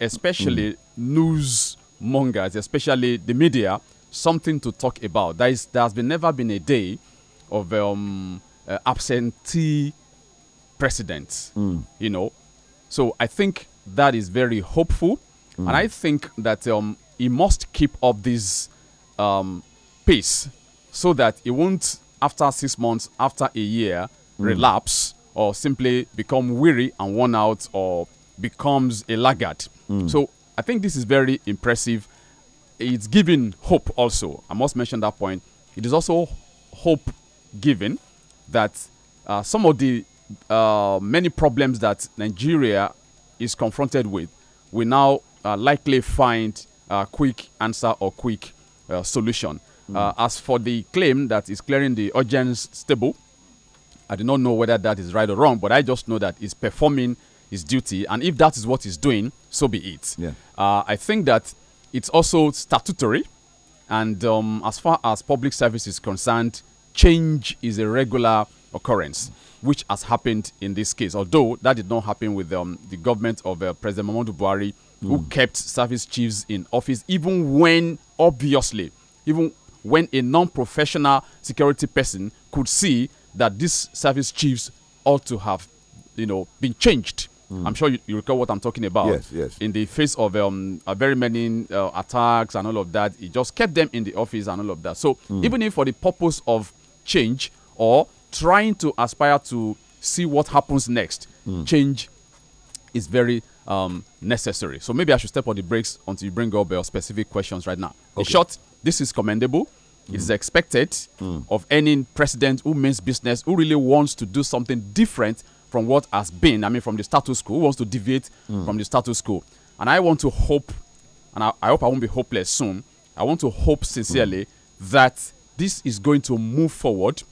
especially hmm. news mongers, especially the media, something to talk about. There, is, there has been never been a day of um, uh, absentee presidents, mm. you know. So I think that is very hopeful, mm. and I think that um, he must keep up this um, pace so that he won't, after six months, after a year, mm. relapse or simply become weary and worn out or becomes a laggard. Mm. So I think this is very impressive. It's giving hope also. I must mention that point. It is also hope given that uh, some of the uh, many problems that Nigeria is confronted with will now uh, likely find a quick answer or quick uh, solution. Mm. as for the claim that is clearing the urgent stable, I do not know whether that is right or wrong, but I just know that it's performing his duty, and if that is what he's doing, so be it. Yeah. Uh, I think that it's also statutory, and um, as far as public service is concerned, change is a regular occurrence, which has happened in this case. Although that did not happen with um, the government of uh, President Muhammadu Buhari, mm. who kept service chiefs in office, even when obviously, even when a non-professional security person could see that these service chiefs ought to have, you know, been changed Mm. I'm sure you, you, recall what I'm talking about. Yes, yes. In the face of um, uh, very many uh, attacks and all of that, he just kept them in the office and all of that. So mm. even if for the purpose of change or trying to aspire to see what happens next, mm. change is very um, necessary. So maybe I should step on the brakes until you bring up your specific questions right now. Okay. In short, this is commendable. Mm. It is expected mm. of any president who means business, who really wants to do something different from what has been, I mean, from the status quo, wants to deviate mm. from the status quo. And I want to hope, and I, I, hope I won't be hopeless soon. I want to hope sincerely mm. that this is going to move forward.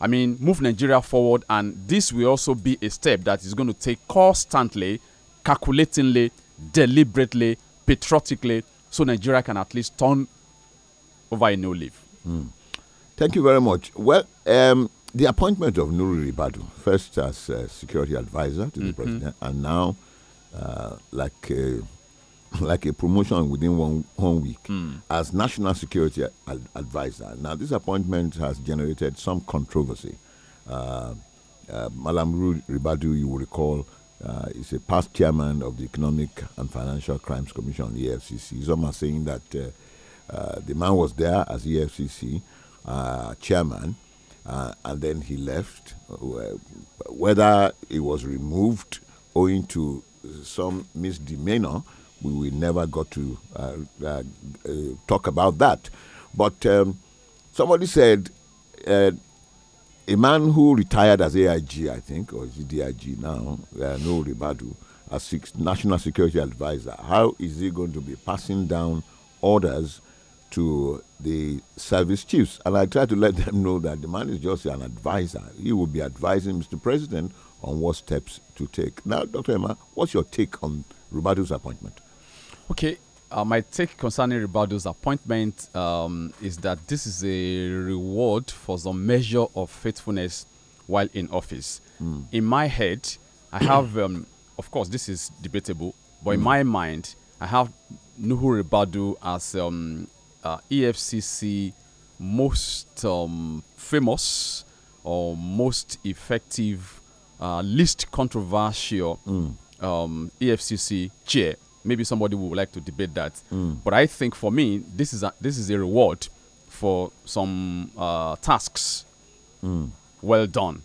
I mean, move Nigeria forward, and this will also be a step that is going to take constantly, calculatingly, deliberately, patriotically, so Nigeria can at least turn over a new leaf. Mm. Thank you very much. Well, um, the appointment of Nuri Ribadu, first as uh, security advisor to mm -hmm. the mm-hmm. president, and now uh, like a, like a promotion within one, one week mm. as national security ad advisor. Now, this appointment has generated some controversy. Uh, uh, Malam Ribadu, you will recall, uh, is a past chairman of the Economic and Financial Crimes Commission, the EFCC. He's are saying that uh, uh, the man was there as EFCC uh, chairman uh, and then he left. Uh, whether he was removed owing to some misdemeanor, we, we never got to uh, uh, uh, talk about that. But um, somebody said uh, a man who retired as AIG, I think, or GDIG now, uh, no Ribadu, as six, national security advisor, how is he going to be passing down orders? to the service chiefs. And I try to let them know that the man is just an advisor. He will be advising Mr. President on what steps to take. Now, Dr. Emma, what's your take on Rubato's appointment? Okay. Uh, my take concerning Ribaldo's appointment um, is that this is a reward for some measure of faithfulness while in office. Mm. In my head, I have, um, of course, this is debatable, but mm. in hmm. my mind, I have Nuhu Ribadu as um, uh, EFCC most um, famous or most effective, uh, least controversial mm. um, EFCC chair. Maybe somebody would like to debate that, mm. but I think for me, this is a, this is a reward for some uh, tasks mm. well done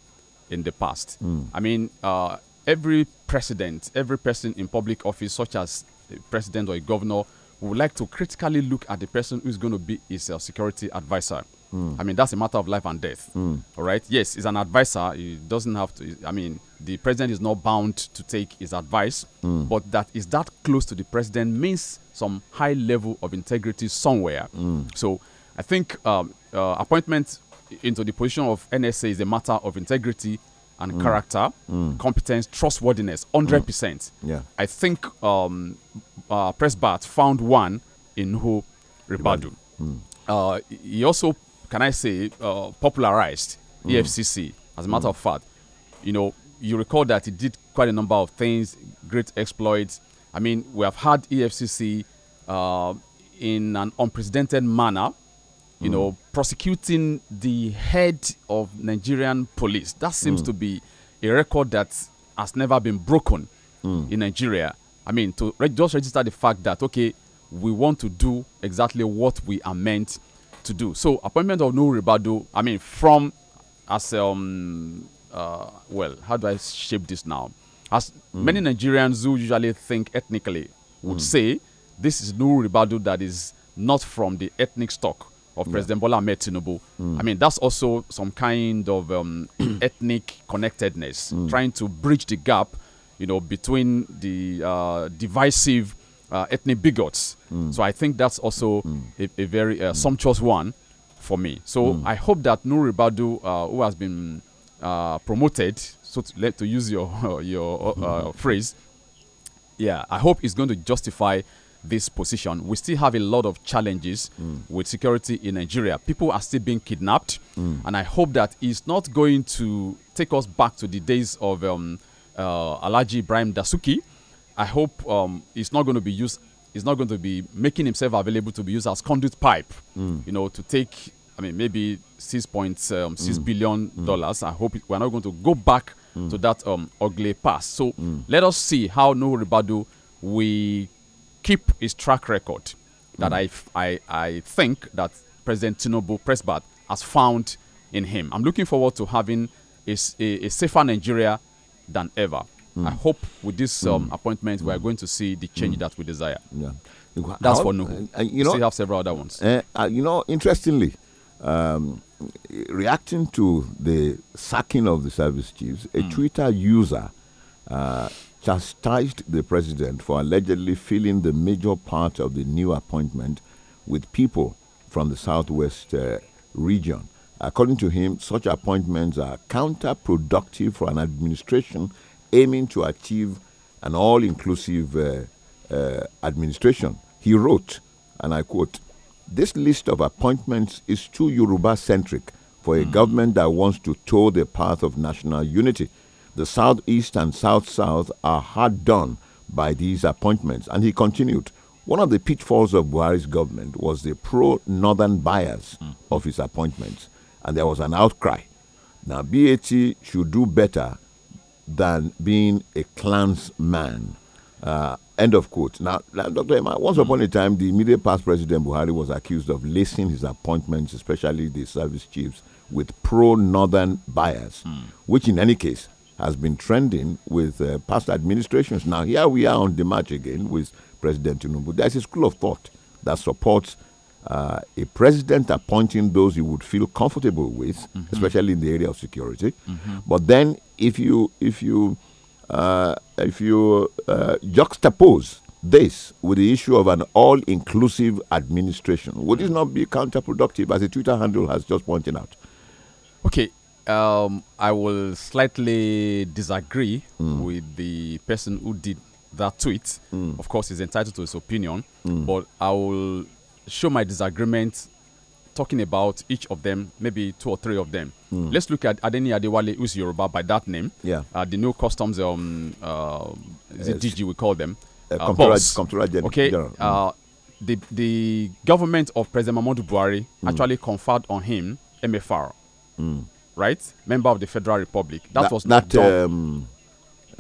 in the past. Mm. I mean, uh, every president, every person in public office, such as a president or a governor, we would like to critically look at the person who's going to be his uh, security advisor. Mm. I mean, that's a matter of life and death. Mm. All right. Yes, he's an advisor. He doesn't have to. I mean, the president is not bound to take his advice, mm. but that is that close to the president means some high level of integrity somewhere. Hmm. So I think um, uh, appointment into the position of NSA is a matter of integrity and mm. character, mm. competence, trustworthiness, 100%. Mm. Yeah. I think um, uh, Press Bart found one in who Ribadu. Mm. Uh, he also, can I say, uh, popularized mm. EFCC. As a matter of fact, you know, you recall that he did quite a number of things, great exploits. I mean, we have had EFCC uh, in an unprecedented manner you mm. know, prosecuting the head of Nigerian police. That seems mm. to be a record that has never been broken mm. in Nigeria. I mean, to re just register the fact that, okay, we want to do exactly what we are meant to do. So, appointment of Nuri Ribadu, I mean, from as, um, uh, well, how do I shape this now? As mm. many Nigerians who usually think ethnically would mm. say, this is Nuri Ribadu that is not from the ethnic stock of yeah. President Bola Ahmed Tinubu. Mm. I mean, that's also some kind of um, ethnic connectedness, mm. trying to bridge the gap, you know, between the uh, divisive uh, ethnic bigots. Mm. So I think that's also mm. a, a, very uh, mm. sumptuous one for me. So mm. I hope that Nuri Badu, uh, who has been uh, promoted, so to, to use your your uh, phrase, yeah, I hope he's going to justify this position. We still have a lot of challenges mm. with security in Nigeria. People are still being kidnapped, mm. and I hope that it's not going to take us back to the days of um, uh, Alaji Ibrahim Dasuki. I hope um, it's not going to be used. It's not going to be making himself available to be used as conduit pipe, mm. you know, to take. I mean, maybe six point um, six mm. billion mm. dollars. I hope we're not going to go back mm. to that um, ugly past. So let us see how Nuhu Ribadu we keep his track record that hmm. I, I, I think that President Tinubu Presbat has found in him. I'm looking forward to having a, a, a safer Nigeria than ever. Mm. I hope with this hmm. um, mm. appointment we are hmm. going to see the change mm. that we desire. Yeah. That's How, for Nuhu. Uh, you know, still have several other ones. Uh, uh, you know, interestingly, um, reacting to the sacking of the service chiefs, a Twitter user uh, chastised the president for allegedly filling the major part of the new appointment with people from the southwest uh, region. According to him, such appointments are counterproductive for an administration aiming to achieve an all inclusive uh, uh, administration. He wrote, and I quote, This list of appointments is too Yoruba centric for a mm. government that wants to toe the path of national unity the Southeast and South South are hard done by these appointments. And he continued One of the pitfalls of Buhari's government was the pro northern bias mm. of his appointments, and there was an outcry. Now, BAT should do better than being a clansman. Uh, end of quote. Now, Dr. Emma, once mm. upon a time, the immediate past President Buhari was accused of lacing his appointments, especially the service chiefs, with pro northern bias, mm. which in any case has been trending with uh, past administrations. Now, here we are on the march again with President Tinubu. There's a school of thought that supports uh, a president appointing those he would feel comfortable with, mm -hmm. especially in the area of security. Mm -hmm. But then, if you if you uh, if you uh, juxtapose this with the issue of an all-inclusive administration, would this it not be counterproductive, as the Twitter handle has just pointed out? Okay, um, I will slightly disagree mm. with the person who did that tweet. Mm. Of course, he's entitled to his opinion, mm. but I will show my disagreement talking about each of them, maybe two or three of them. Mm. Let's look at Adeni Adewale, who's Yoruba by that name. Yeah. Uh, the new customs, um, uh, DG we call them? Uh, uh Okay. Uh, the, the government of President Mamadou Buhari mm. actually conferred on him MFR. Mm right? Member of the Federal Republic. That, that was not, not done. Um,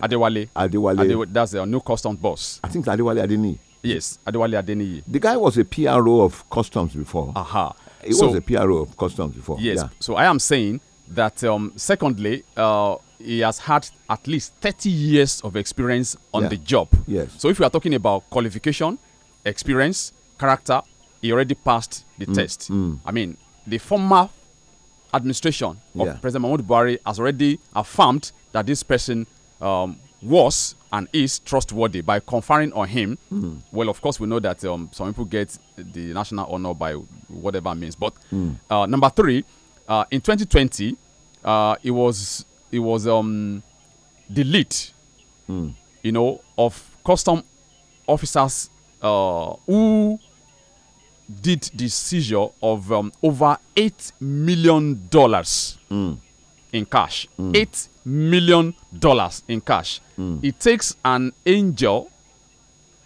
Adewale. Adewale. Adewale. That's the new customs boss. I think Adewale Adeni. Yes, Adewale Adeni. The guy was a PRO of customs before. Aha. He so, was a PRO of customs before. Yes. Yeah. So I am saying that, um, secondly, uh, he has had at least 30 years of experience on yeah. the job. Yes. So if we are talking about qualification, experience, character, he already passed the mm. test. Mm. I mean, the former administration of yeah. President Mahmoud Buhari has already affirmed that this person um, was and is trustworthy by conferring on him. Mm. Well, of course, we know that um, some people get the national honor by whatever means. But mm. uh, number three, uh, in 2020, uh, it was it was um, the lead, mm. you know, of custom officers uh, who did the seizure of um, over eight million dollars mm. in cash. Mm. Eight million dollars in cash. Mm. It takes an angel,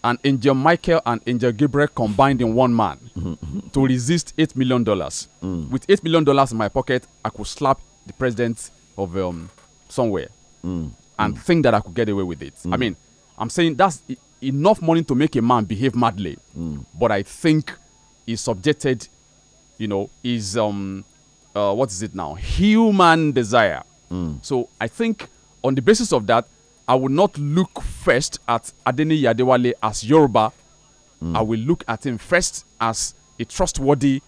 an angel Michael and angel Gabriel combined in one man to resist eight million dollars. Hmm. With eight million dollars in my pocket, I could slap the president of um, somewhere hmm. and hmm. think that I could get away with it. I mean, I'm saying that's enough money to make a man behave madly, but I think is subjected, you know, is um, uh, what is it now? Human desire. Mm. So I think on the basis of that, I will not look first at Adeni Yadewale as Yoruba. Mm. I will look at him first as a trustworthy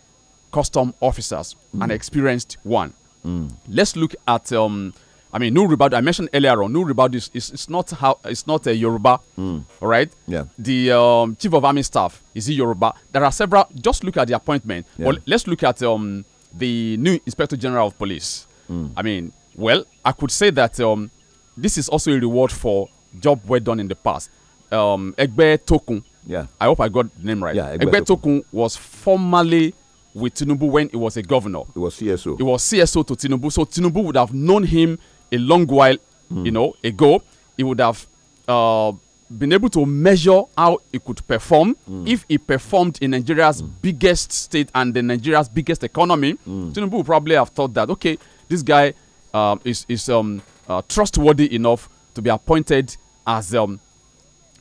custom officer, mm. experienced one. Mm. Let's look at um, I mean, new Nuribad, I mentioned earlier on, New is, is, it's not how it's not a Yoruba, mm. all right? Yeah. The um, chief of army staff is he Yoruba? There are several. Just look at the appointment. Yeah. Well, let's look at um, the new inspector general of police. Mm. I mean, well, I could say that um, this is also a reward for job well done in the past. Um, Egbe Tokun. Yeah. I hope I got the name right. Yeah. Egbe, Egbe Tokun was formerly with Tinubu when he was a governor. It was CSO. It was CSO to Tinubu, so Tinubu would have known him a long while, mm. you hmm. know, ago, he would have uh, been able to measure how he could perform mm. if he performed in Nigeria's mm. biggest state and the Nigeria's biggest economy. Mm. Tinubu would probably have thought that okay, this guy uh, is is um, uh, trustworthy enough to be appointed as um,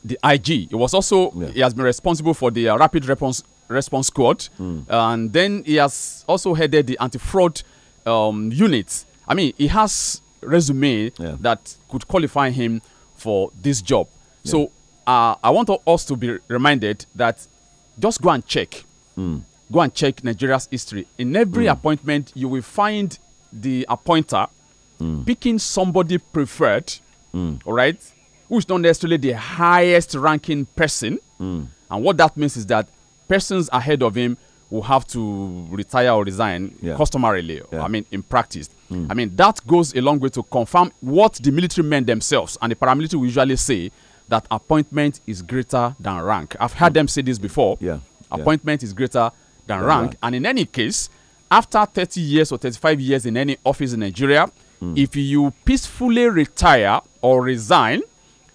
the IG. He was also yeah. he has been responsible for the uh, rapid response response squad, hmm. and then he has also headed the anti fraud um, unit. I mean, he has resume yeah. that could qualify him for this job. Yeah. So uh, I want us to be reminded that just go and check. Mm. Go and check Nigeria's history. In every mm. appointment, you will find the appointer mm. picking somebody preferred, hmm. all right, who is not necessarily the highest ranking person. Hmm. And what that means is that persons ahead of him will have to retire or resign yeah. customarily. Yeah. I mean, in practice. Mm. I mean, that goes a long way to confirm what the military men themselves and the paramilitary will usually say that appointment is greater than rank. I've heard mm. them say this before. Yeah. Appointment is greater than rank. And in any case, after 30 years or 35 years in any office in Nigeria, mm. if you peacefully retire or resign,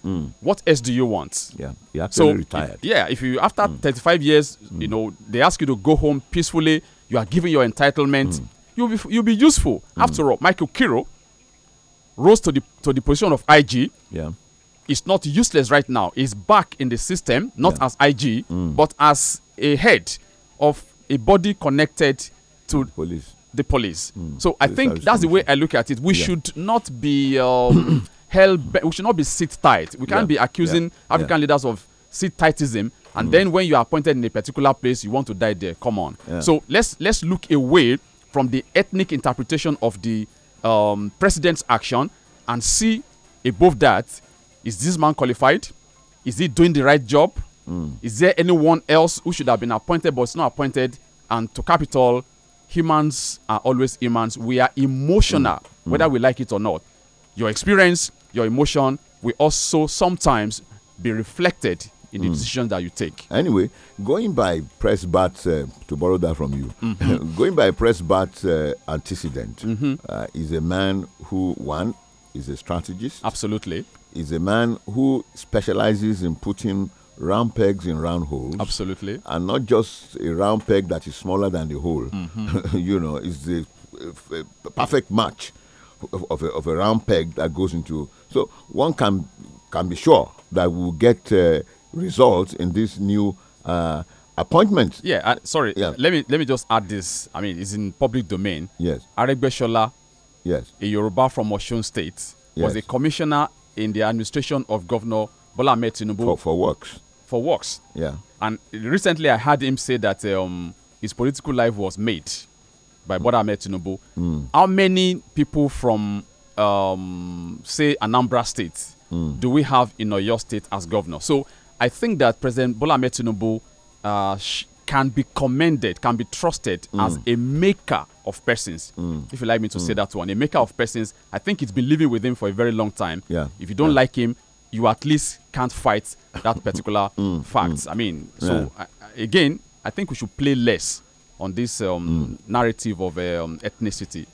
Mm. What else do you want? Yeah, you're actually so retired. yeah, if you after mm. 35 years, mm. you know they ask you to go home peacefully, you are given your entitlement. Mm. You'll be you'll be useful. Mm. After all, Michael Kiro rose to the to the position of IG. Yeah, is not useless right now. He's back in the system, not yeah. as IG, mm. but as a head of a body connected to police. the police. So I think that's the way I look at it. We yeah. should not be. Um, hell we should not be sit tight we can't yeah. be accusing yeah. african yeah. leaders of sit tightism and mm. then when you are appointed in a particular place you want to die there come on so let's let's look away from the ethnic interpretation of the um, president's action and see above that is this man qualified is he doing the right job mm. is there anyone else who should have been appointed but is not appointed and to capital humans are always humans we are emotional mm. mm. whether we like it or not your experience your emotion will also sometimes be reflected in the mm. decisions that you take. Anyway, going by press bat, uh, to borrow that from you, mm -hmm. going by press bat uh, antecedent mm -hmm. uh, is a man who, one, is a strategist. Absolutely. Is a man who specializes in putting round pegs in round holes. Absolutely. And not just a round peg that is smaller than the hole. -hmm. you know, it's the uh, uh, perfect match of a, of a round peg that goes into so one can can be sure that we will get uh, results in this new uh, appointment. Yeah, uh, sorry. Yeah. Let me let me just add this. I mean, it's in public domain. Yes. Aregbeshola, yes, a Yoruba from Osun State, yes. was a commissioner in the administration of Governor Bola Tinubu for, for works. For works. Yeah. And recently, I heard him say that um, his political life was made by Bola Tinubu. Mm. How many people from um, say Anambra State? Mm. Do we have in Oyo State as governor? So I think that President Bola Tinubu uh, can be commended, can be trusted mm. as a maker of persons. Mm. If you like me to hmm. say that one, a maker of persons. I think it's been living with him for a very long time. Yeah. If you don't yeah. like him, you at least can't fight that particular hmm. Hmm. fact. I mean, so yeah. I, again, I think we should play less on this um, narrative of um, ethnicity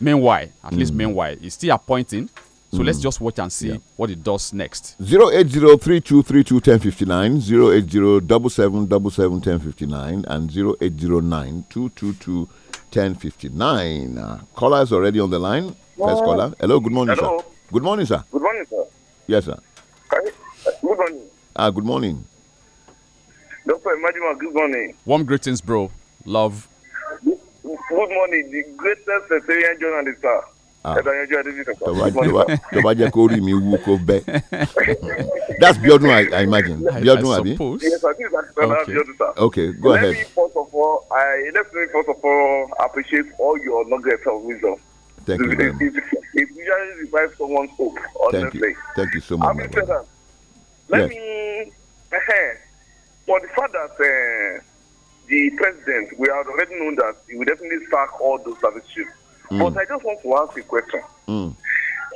meanwhile at mm. least hmm. meanwhile he's still appointing so mm. let's hmm. just watch and see yeah. what it does next. 08032321059, 08077771059, and 0809221059. Uh, caller is already on the line. First caller. Hello, good morning, Hello. sir. Good morning, sir. Good morning, sir. Yes, sir. Uh, good morning. Ah, good morning. Doctor Imajima, good morning. Warm greetings, bro. Love good morning the greatest Nigerian journalist sir. Ah. tó bá jẹ́ kó rí mi wú kó bẹ́ that's biodun I, I imagine biodun abi. yes i think that's okay. biodun sir. okay go ahead. let me first of all i let me first of all appreciate all your nuggets of wisdom. thank you very much. it usually revive someone's hope honestly. thank you thank you so much. having said let me for the fact that. Eh, the president, we have already known that he will definitely sack all those service chiefs. Mm. But I just want to ask a question. Mm.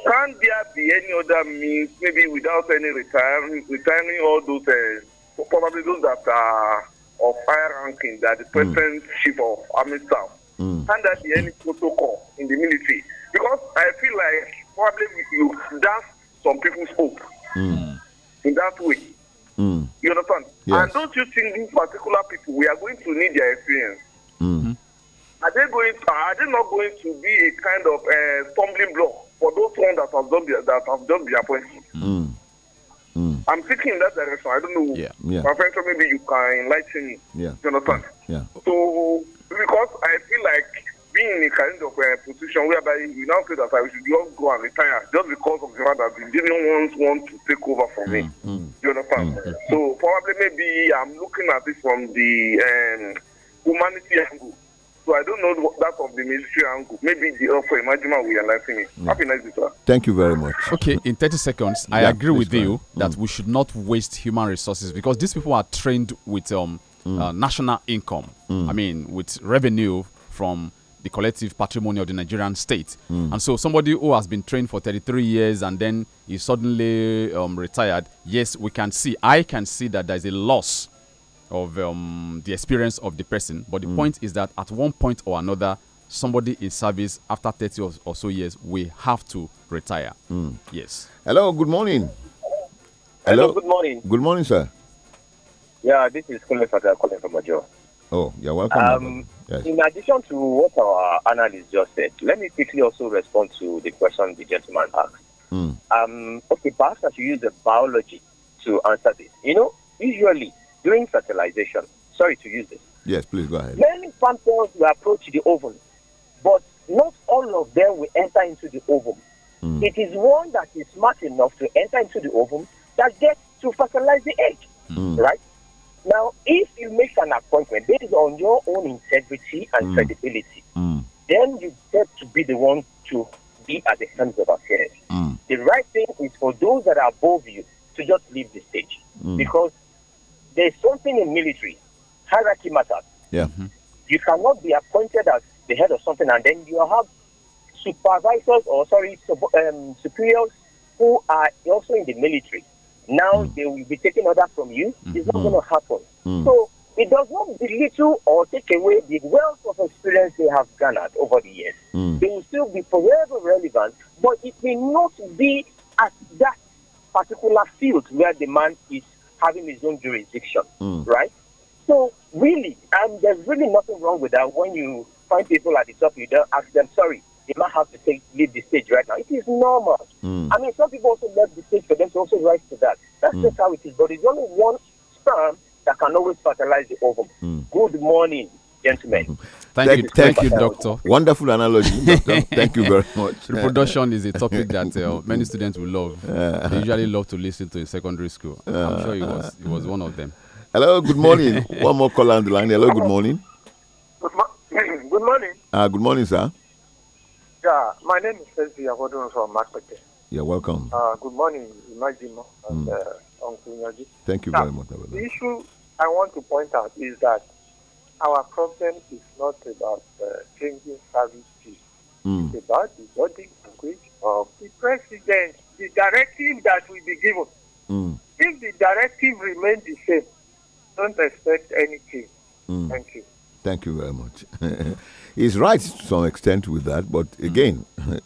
Can there be any other means, maybe without any retiring, retiring all those, uh, probably those that are of higher ranking, that the president mm. chief of army staff? Mm. Can there be any protocol in the military? Because I feel like probably you, that's some people's hope mm. in that way. Mm. You understand? Yes. And don't you think these particular people, we are going to need their experience? Mm -hmm. Are they going? To, are they not going to be a kind of uh, stumbling block for those ones that have done their, that have done appointment? Mm. Mm. I'm thinking in that direction. I don't know. Yeah, yeah. My friend, maybe you can enlighten me. Yeah. You understand? Yeah. So because I feel like being in a kind of uh, position whereby you now feel that I should just go and retire just because of the fact that the union ones want to take over from me. Mm, mm. You understand? Mm. So probably maybe I'm looking at this from the um, humanity angle. So I don't know that of the military angle. Maybe the offer imagine we are liking it. Mm. Happy nice sir. Thank you very much. Okay, in 30 seconds, I yeah, agree with you mm. that we should not waste human resources because these people are trained with um, mm. uh, national income. Mm. I mean, with revenue from the collective patrimony of the Nigerian state. Mm. And so, somebody who has been trained for 33 years and then is suddenly um, retired, yes, we can see, I can see that there's a loss of um, the experience of the person. But the mm. point is that at one point or another, somebody in service after 30 or, or so years, we have to retire. Mm. Yes. Hello, good morning. Hello. Hello. good morning. Good morning, sir. Yeah, this is Colin Fata calling from Major. Oh, you're welcome. Um, Yes. In addition to what our analyst just said, let me quickly also respond to the question the gentleman asked. Mm. Um, okay, perhaps I should use the biology to answer this. You know, usually during fertilization, sorry to use this. Yes, please go ahead. Many farm cells will approach the ovum, but not all of them will enter into the ovum. Mm. It is one that is smart enough to enter into the ovum that gets to fertilize the egg, mm. right? Now, if you make an appointment based on your own integrity and mm. credibility, mm. then you get to be the one to be at the hands of affairs. Mm. The right thing is for those that are above you to just leave the stage mm. because there's something in military hierarchy matters. Yeah. -hmm. You cannot be appointed as the head of something and then you have supervisors or sorry sub, um, superiors who are also in the military now hmm. they will be taking order from you. Hmm. It's not hmm. going to happen. So it does not belittle or take away the wealth of experience they have garnered over the years. They will still be forever relevant, but it may not be at that particular field where the man is having his own jurisdiction, mm. right? So really, um, there's really nothing wrong with that. When you find people at the top, you don't ask them, "Sorry, they might have to take leave the stage right now. It is normal. Mm. I mean, some people also left the stage for them to also rise to that. That's mm. just how it is. But it's only one sperm that can always fertilize the ovum. Mm. Good morning, gentlemen. Hmm. Thank, thank, you, thank you, doctor. Wonderful analogy, doctor. thank you very much. Reproduction is a topic that uh, many students will love. Uh, they usually love to listen to in secondary school. Uh, I'm sure it was It was one of them. Hello, good morning. one more call on the line. Hello, good morning. Good, mo good morning. Uh, good morning, sir. Yeah, my name is Fezzi Akodun from Makpete. You're welcome. Uh, good morning, Imajimo and mm. uh, Uncle Thank you now, very much. The issue I want to point out is that our problem is not about uh, changing service fees. Mm. It's about the body language of the president, the directive that will be given. Mm. If the directive remains the same, don't expect anything. Mm. Thank you. Thank you very much. He's right to some extent with that, but mm. again, uh,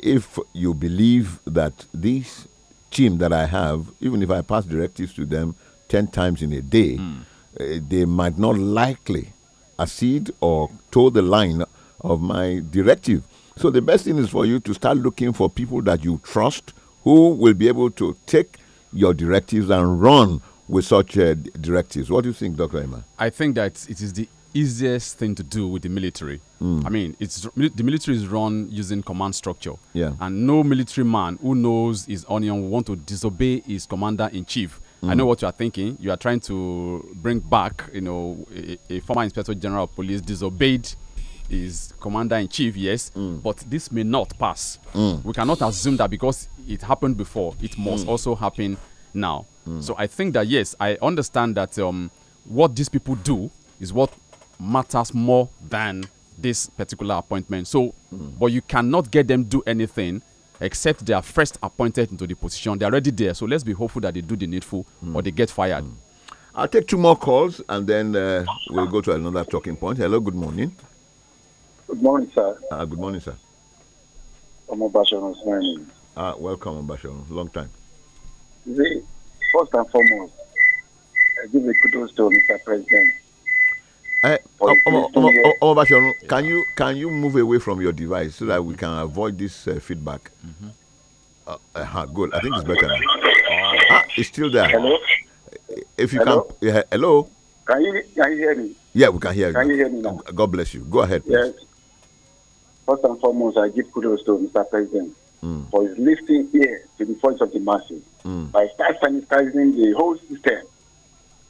if you believe that this team that I have, even if I pass directives to them 10 times in a day, mm. uh, they might not likely accede or toe the line of my directive. So the best thing is for you to start looking for people that you trust who will be able to take your directives and run with such uh, directives. What do you think, Dr. Emma? I think that it is the easiest thing to do with the military. Mm. I mean, it's the military is run using command structure. Yeah. And no military man who knows his onion will want to disobey his commander in chief. Mm. I know hmm. what you are thinking. You are trying to bring back, you know, a, a former inspector general of police disobeyed his commander in chief, yes, mm. but this may not pass. Hmm. We cannot assume that because it happened before, it hmm. must also happen now. So I think that yes, I understand that um, what these people do is what matters more than this particular appointment. So, mm. but you cannot get them do anything except they are first appointed into the position. They're already there. So let's be hopeful that they do the needful mm. or they get fired. Mm. I'll take two more calls and then uh, we'll go to another talking point. Hello, good morning. Good morning, sir. Uh, good morning, sir. I'm Ah, welcome, Ambassador. Long time. See, first and foremost, I give the kudos to Mr. President uh, can oh, oh, you can you move away from your device so that we can avoid this uh, feedback? Mm-hmm. Uh, uh, good. I think it's better now. Ah, ah it's still there. Hello. Eh, if you hello? can, yeah, hello. Can you can you hear me? Yeah, we can hear can you. Can you hear me now? God bless you. Go ahead. Please. Yes. First and foremost, I give kudos to Mr. President mm. for his lifting ear to the voice of the masses mm. by start sanitizing the whole system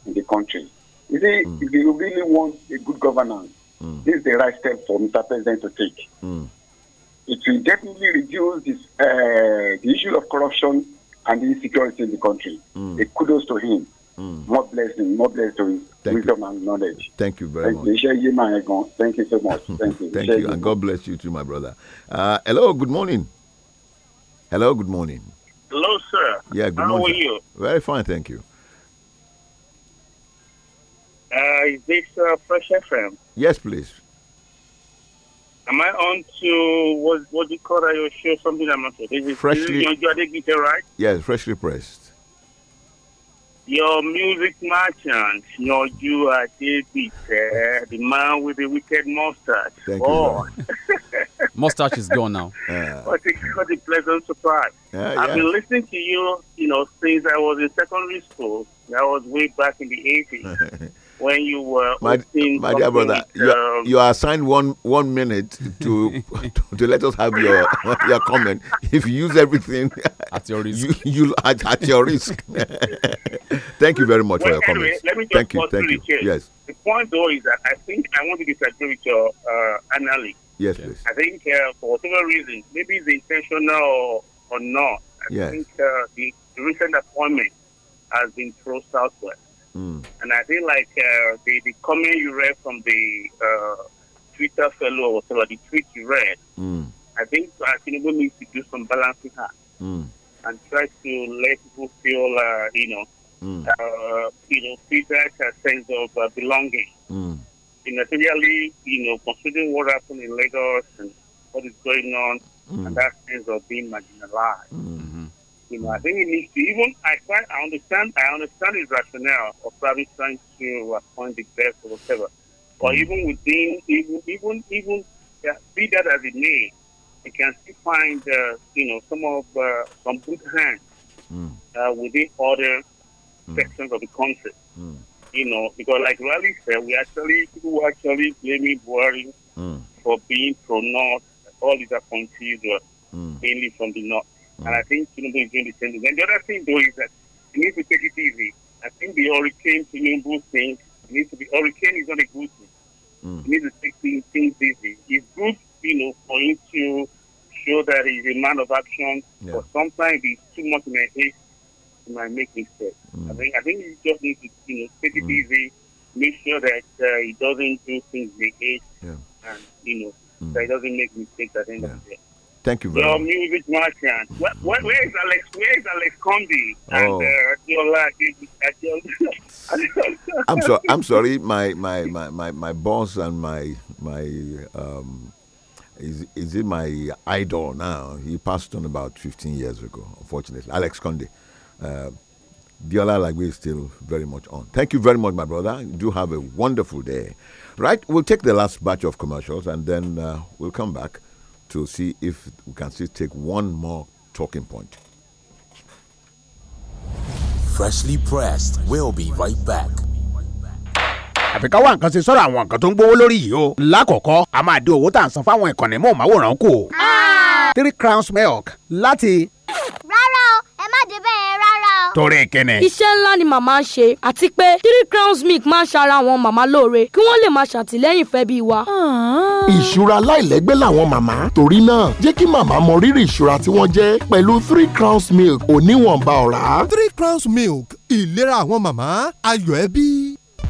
in the country. You see, mm. if you really want a good governance, mm. this is the right step for Mr. President to take. Mm. It will definitely reduce this, uh, the issue of corruption and insecurity in the country. Mm. A kudos to him. Mm. More blessing, more blessing to his Thank wisdom you. and knowledge. Thank you very Thank much. You. Thank you so much. Thank you. Thank you. And God bless you too, my brother. Uh, hello, good morning. Hello, good morning. Hello, sir. Yeah, good How morning. How are you? Very fine, thank you. Uh, is this uh, Fresh FM? Yes, please. Am I on to what what do you call your show? Something I'm not sure. Is it, freshly, is the guitar, right? Yes, freshly pressed. Your music merchant, your you are David, the man with the wicked mustache. Thank oh. you. mustache is gone now. what, a, what a pleasant surprise. I've yeah. been listening to you, you know, since I was in secondary school. That was way back in the 80s. when you were my, my dear brother um, you, are assigned one one minute to, to, to let us have your your comment if you use everything at your risk you, you at, at, your risk thank you very much well, for your anyway, comments let me just thank you thank you yes the point though is that i think i want to disagree with your uh, analysis yes please. i think uh, for whatever reason maybe it's intentional or, or not i yes. think uh, the recent appointment has been thrown southwest Mm. And I think like uh, the, the comment you read from the uh, Twitter fellow or whatever, the tweet you read, mm. I think we uh, Tinubu needs to do some balancing act mm. and try to let people feel, uh, you know, mm. uh, you know, feedback a sense of uh, belonging. Mm. And you know, considering what happened in Lagos and what is going on, mm. and that sense of being marginalized. Mm. You know, I think it needs to even. I quite I understand. I understand his rationale of probably trying to appoint uh, the best or whatever, or mm. Mm-hmm. even within even even even be that as it may, you can still find uh, you know some of uh, some good hands mm. uh, within other mm. sections of the country. Mm. You know, because like Raleigh said, we actually people were actually blaming Buhari mm. for being pro-North. All these countries were mm. mainly from the North and I think Tinubu is going to change it. And the other thing, though, is that he needs to take it easy. I think the hurricane Tinubu thing needs to be hurricane is not a good thing. Mm. He needs to take things, things easy. It's good, you know, for him to show that he's a man of action, yeah. but sometimes it's too much in a haste. He might make mistakes. Mm. I think I think he just needs to you know take it mm. easy, make sure that uh, he doesn't do things in a haste, yeah. and you know hmm. that he doesn't make mistakes at the end yeah. of the day. Thank you very your much. Your music merchant. What, where is Alex? Where is Alex Combi? Oh. And, uh, I'm sorry. I'm sorry. My, my, my, my, my boss and my my um, is is it my idol now? He passed on about 15 years ago. Unfortunately, Alex Conde. Uh, Diola Lagwe is still very much on. Thank you very much, my brother. You do have a wonderful day. Right, we'll take the last batch of commercials and then uh, we'll come back to see if we can still take one more talking point. Freshly pressed. We'll be right back. àfi ká wá nǹkan ṣe sọ́dọ̀ àwọn nǹkan tó ń gbówó lórí yìí o. lákọ̀ọ́kọ́ a máa dín owó tá à san fáwọn ìkànnì mọ̀ọ́máwòrán kù. Ah! three crowns milk láti. rárá o ẹ má dé bẹ́ẹ̀ torí kíni. iṣẹ́ ńlá ni màmá ń ṣe àti pé three crowns milk máa ń ṣara àwọn màmá lóore kí wọ́n lè máa ṣàtìlẹ́yìn fẹ́ bí wa. Ah. ìṣúra láìlẹ́gbẹ́ làwọn màmá torí náà jẹ́ kí màmá mọ rírì ìṣúra tí wọ́n jẹ́ pẹ̀lú three crowns milk oníwọ̀nba ọ̀rá. three crowns milk ìlera àwọn màmá ayọ̀ ẹbí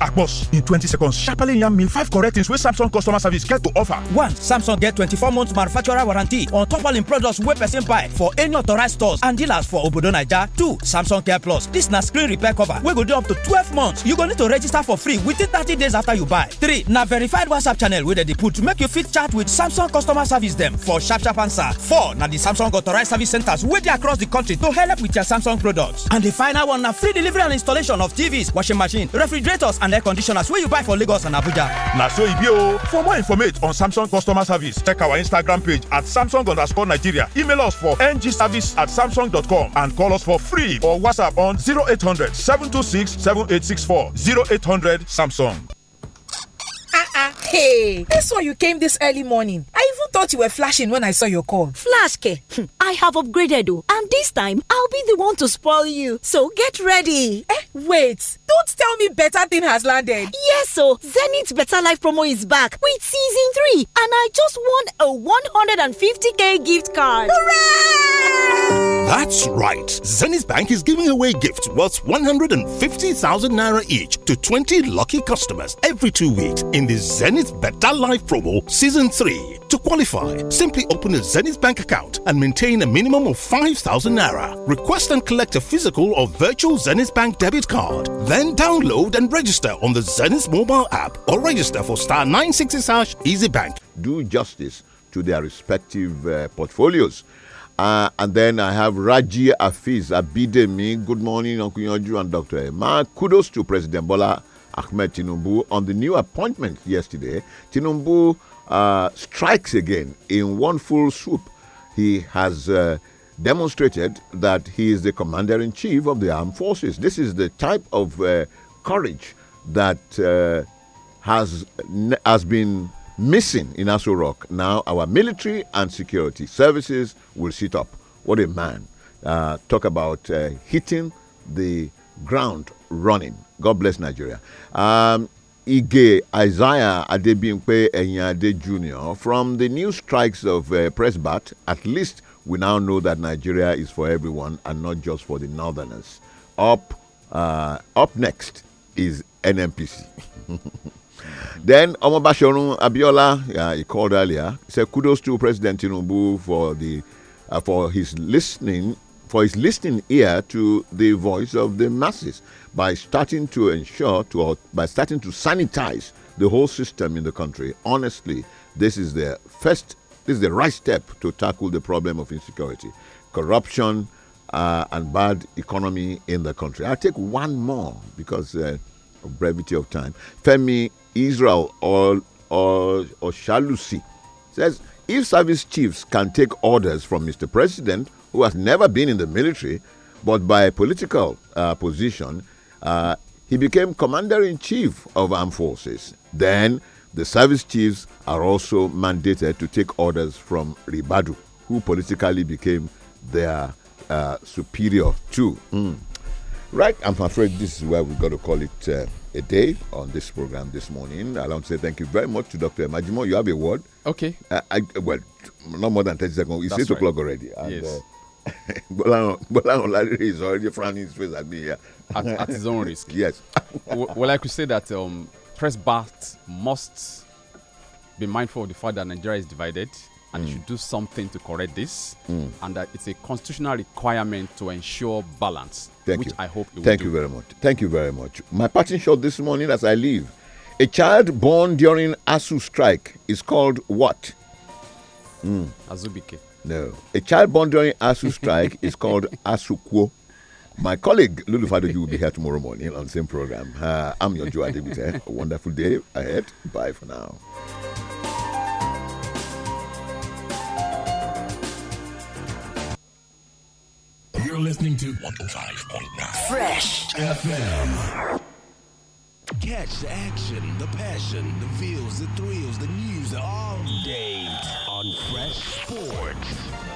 akpos in 20 seconds sharply yarn me five correct things wey samsung customer service get to offer one samsung get 24 months manufacturer warranty on top all im products we person buy for any authorized stores and dealers for obodo naija two samsung care plus This na screen repair cover we go do up to 12 months you go need to register for free within 30 days after you buy three na verified whatsapp channel where they put make you fit chat with samsung customer service them for sharp sharp answer four na the samsung authorized service centers where they across the country to help with your samsung products and the final one na free delivery and installation of tvs washing machine refrigerators and and air conditioners wey you buy for lagos and abuja na so e be o for more information on samsung customer service check our instagram page at samsung underscore nigeria email us for ngservice at samsung.com and call us for free or whatsapp on 0800 726 7864 0800 samsung. Uh -uh. Hey, that's why you came this early morning. I even thought you were flashing when I saw your call. Flash, ke. Hm, I have upgraded, oh, and this time I'll be the one to spoil you. So get ready. Eh, wait. Don't tell me better thing has landed. Yes, so Zenith Better Life promo is back with season three, and I just won a 150k gift card. Hooray! That's right. Zenith Bank is giving away gifts worth 150,000 naira each to 20 lucky customers every two weeks in the Zenith Zenith Better Life promo season 3. To qualify, simply open a Zenith Bank account and maintain a minimum of 5,000 naira. Request and collect a physical or virtual Zenith Bank debit card. Then download and register on the Zenith mobile app or register for star 960 hash Easy Bank. Do justice to their respective uh, portfolios. Uh, and then I have Raji Afiz Abidemi. Good morning, Uncle Yonju and Dr. Emma. Kudos to President Bola Ahmed Tinubu on the new appointment yesterday, Tinubu uh, strikes again in one full swoop. He has uh, demonstrated that he is the commander in chief of the armed forces. This is the type of uh, courage that uh, has has been missing in Aso Rock. Now our military and security services will sit up. What a man! Uh, talk about uh, hitting the ground running. God bless Nigeria. Um, Ige Isaiah Adebimpe Enyade Jr. from the new strikes of uh, bat at least we now know that Nigeria is for everyone and not just for the northerners. Up, uh, up next is NMPC. then Omobashorun Abiola, uh, he called earlier, he said kudos to President Tinubu for the uh, for his listening for his listening ear to the voice of the masses by starting to ensure to by starting to sanitize the whole system in the country. Honestly, this is the first, this is the right step to tackle the problem of insecurity, corruption, uh, and bad economy in the country. I'll take one more because uh, of brevity of time. Femi Israel or or Shalusi says if service chiefs can take orders from Mr. President, who has never been in the military, but by political uh, position, uh, he became commander in chief of armed forces. Then the service chiefs are also mandated to take orders from Ribadu, who politically became their uh, superior too. Mm. Right, I'm afraid this is where we've got to call it uh, a day on this program this morning. I want to say thank you very much to Dr. Majimo. You have a word. Okay. Uh, I, well, not more than 30 seconds. It's That's 8 o'clock already. And, yes. Uh, Bolan Oladere is already frowning his face at me here. At, at his own risk. Yes. well, I could say that um, press Bart must be mindful of the fact that Nigeria is divided and mm. should do something to correct this, mm. and that it's a constitutional requirement to ensure balance. Thank which you. I hope. Thank you very much. Thank you very much. My parting shot this morning as I leave. A child born during ASU strike is called what? Mm. Azubike. No. A child born during ASU strike is called ASUKWO. My colleague Lulu Fadoju will be here tomorrow morning on the same program. Uh, I'm your Joe Adebute. A wonderful day ahead. Bye for now. You're listening to 105.9 Fresh FM. Catch the action, the passion, the feels, the thrills, the news all day on Fresh Sports.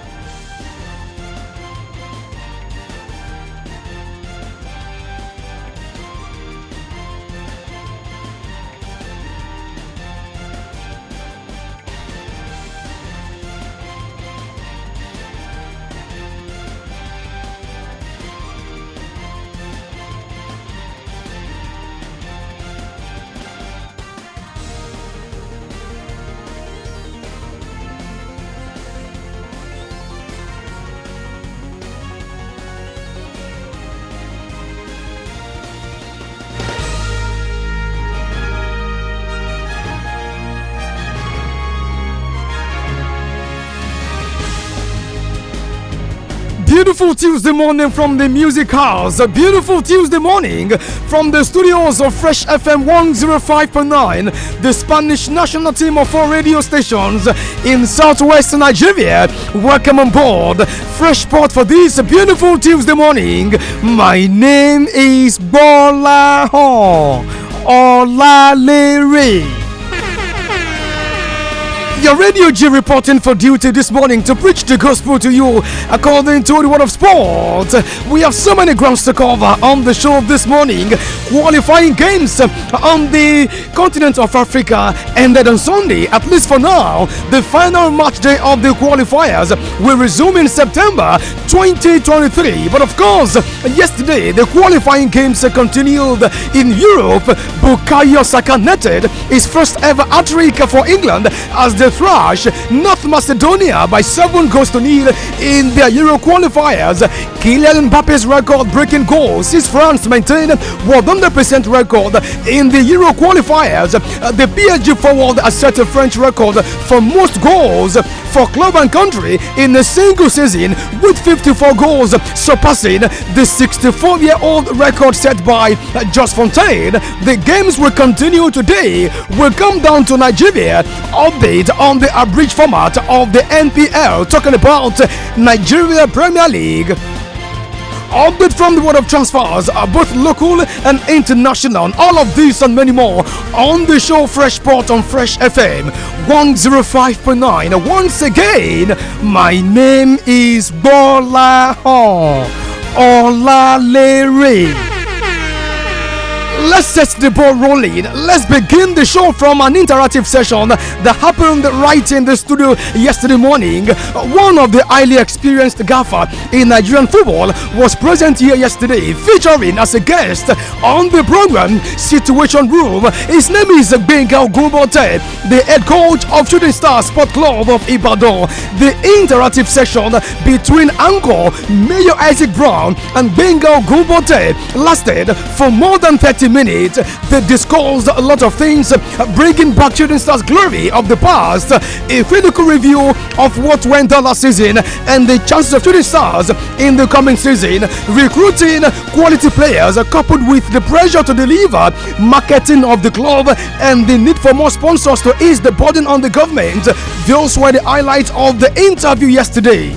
beautiful Tuesday morning from the music house. A beautiful Tuesday morning from the studios of Fresh FM 105.9, the Spanish national team of four radio stations in southwest Nigeria. Welcome on board Fresh Port for this beautiful Tuesday morning. My name is Bola Ho Olalere. Your Radio G reporting for duty this morning to preach the gospel to you according to the world of sport. We have so many grounds to cover on the show this morning. Qualifying games on the continent of Africa ended on Sunday, at least for now. The final match day of the qualifiers will resume in September 2023. But of course, yesterday the qualifying games continued in Europe. Bukayo Saka netted his first ever hat trick for England as the to thrash North Macedonia by 7 goals to nil in their Euro qualifiers. Kylian Mbappe's record-breaking goal sees France maintain 100% record in the Euro qualifiers. Uh, the PSG forward has set a French record for most goals for club and country in a single season with 54 goals, surpassing the 64-year-old record set by Jos Fontaine. The games will continue today. We'll come down to Nigeria, update on the abridged format of the NPL. Talking about Nigeria Premier League update from the world of transfers, uh, both local and international. All of this and many more on the show Fresh Port on Fresh FM 105.9. Once again, my name is Bola Ho Olalere. Let's set the ball rolling. Let's begin the show from an interactive session that happened right in the studio yesterday morning. One of the highly experienced gaffer in Nigerian football was present here yesterday, featuring as a guest on the program Situation Room. His name is Benga Gubote, the head coach of Shooting Star Sport Club of Ibadan. The interactive session between Uncle Mayor Isaac Brown, and Benga Gubote lasted for more than 30 minutes, they discussed a lot of things, bringing back the Stars glory of the past, a critical review of what went down last season, and the chances of Shooting Stars in the coming season, recruiting quality players coupled with the pressure to deliver, marketing of the club, and the need for more sponsors to ease the burden on the government. Those were the highlights of the interview yesterday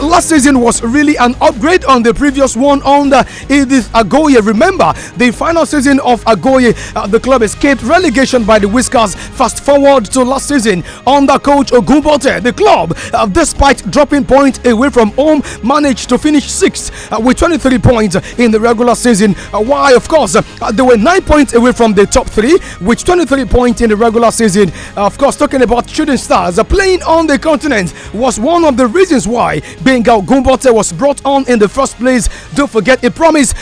last season was really an upgrade on the previous one under Edith Agoye. Remember, the final season of Agoye, uh, the club escaped relegation by the Whiskers. Fast forward to last season under coach Ogunbote, the club, uh, despite dropping points away from home, managed to finish sixth uh, with 23 points in the regular season. Uh, why, of course, uh, they were nine points away from the top three with 23 points in the regular season. Uh, of course, talking about shooting stars, playing on the continent was one of the reasons why Bengal Gumbote was brought on in the first place. Don't forget, a promise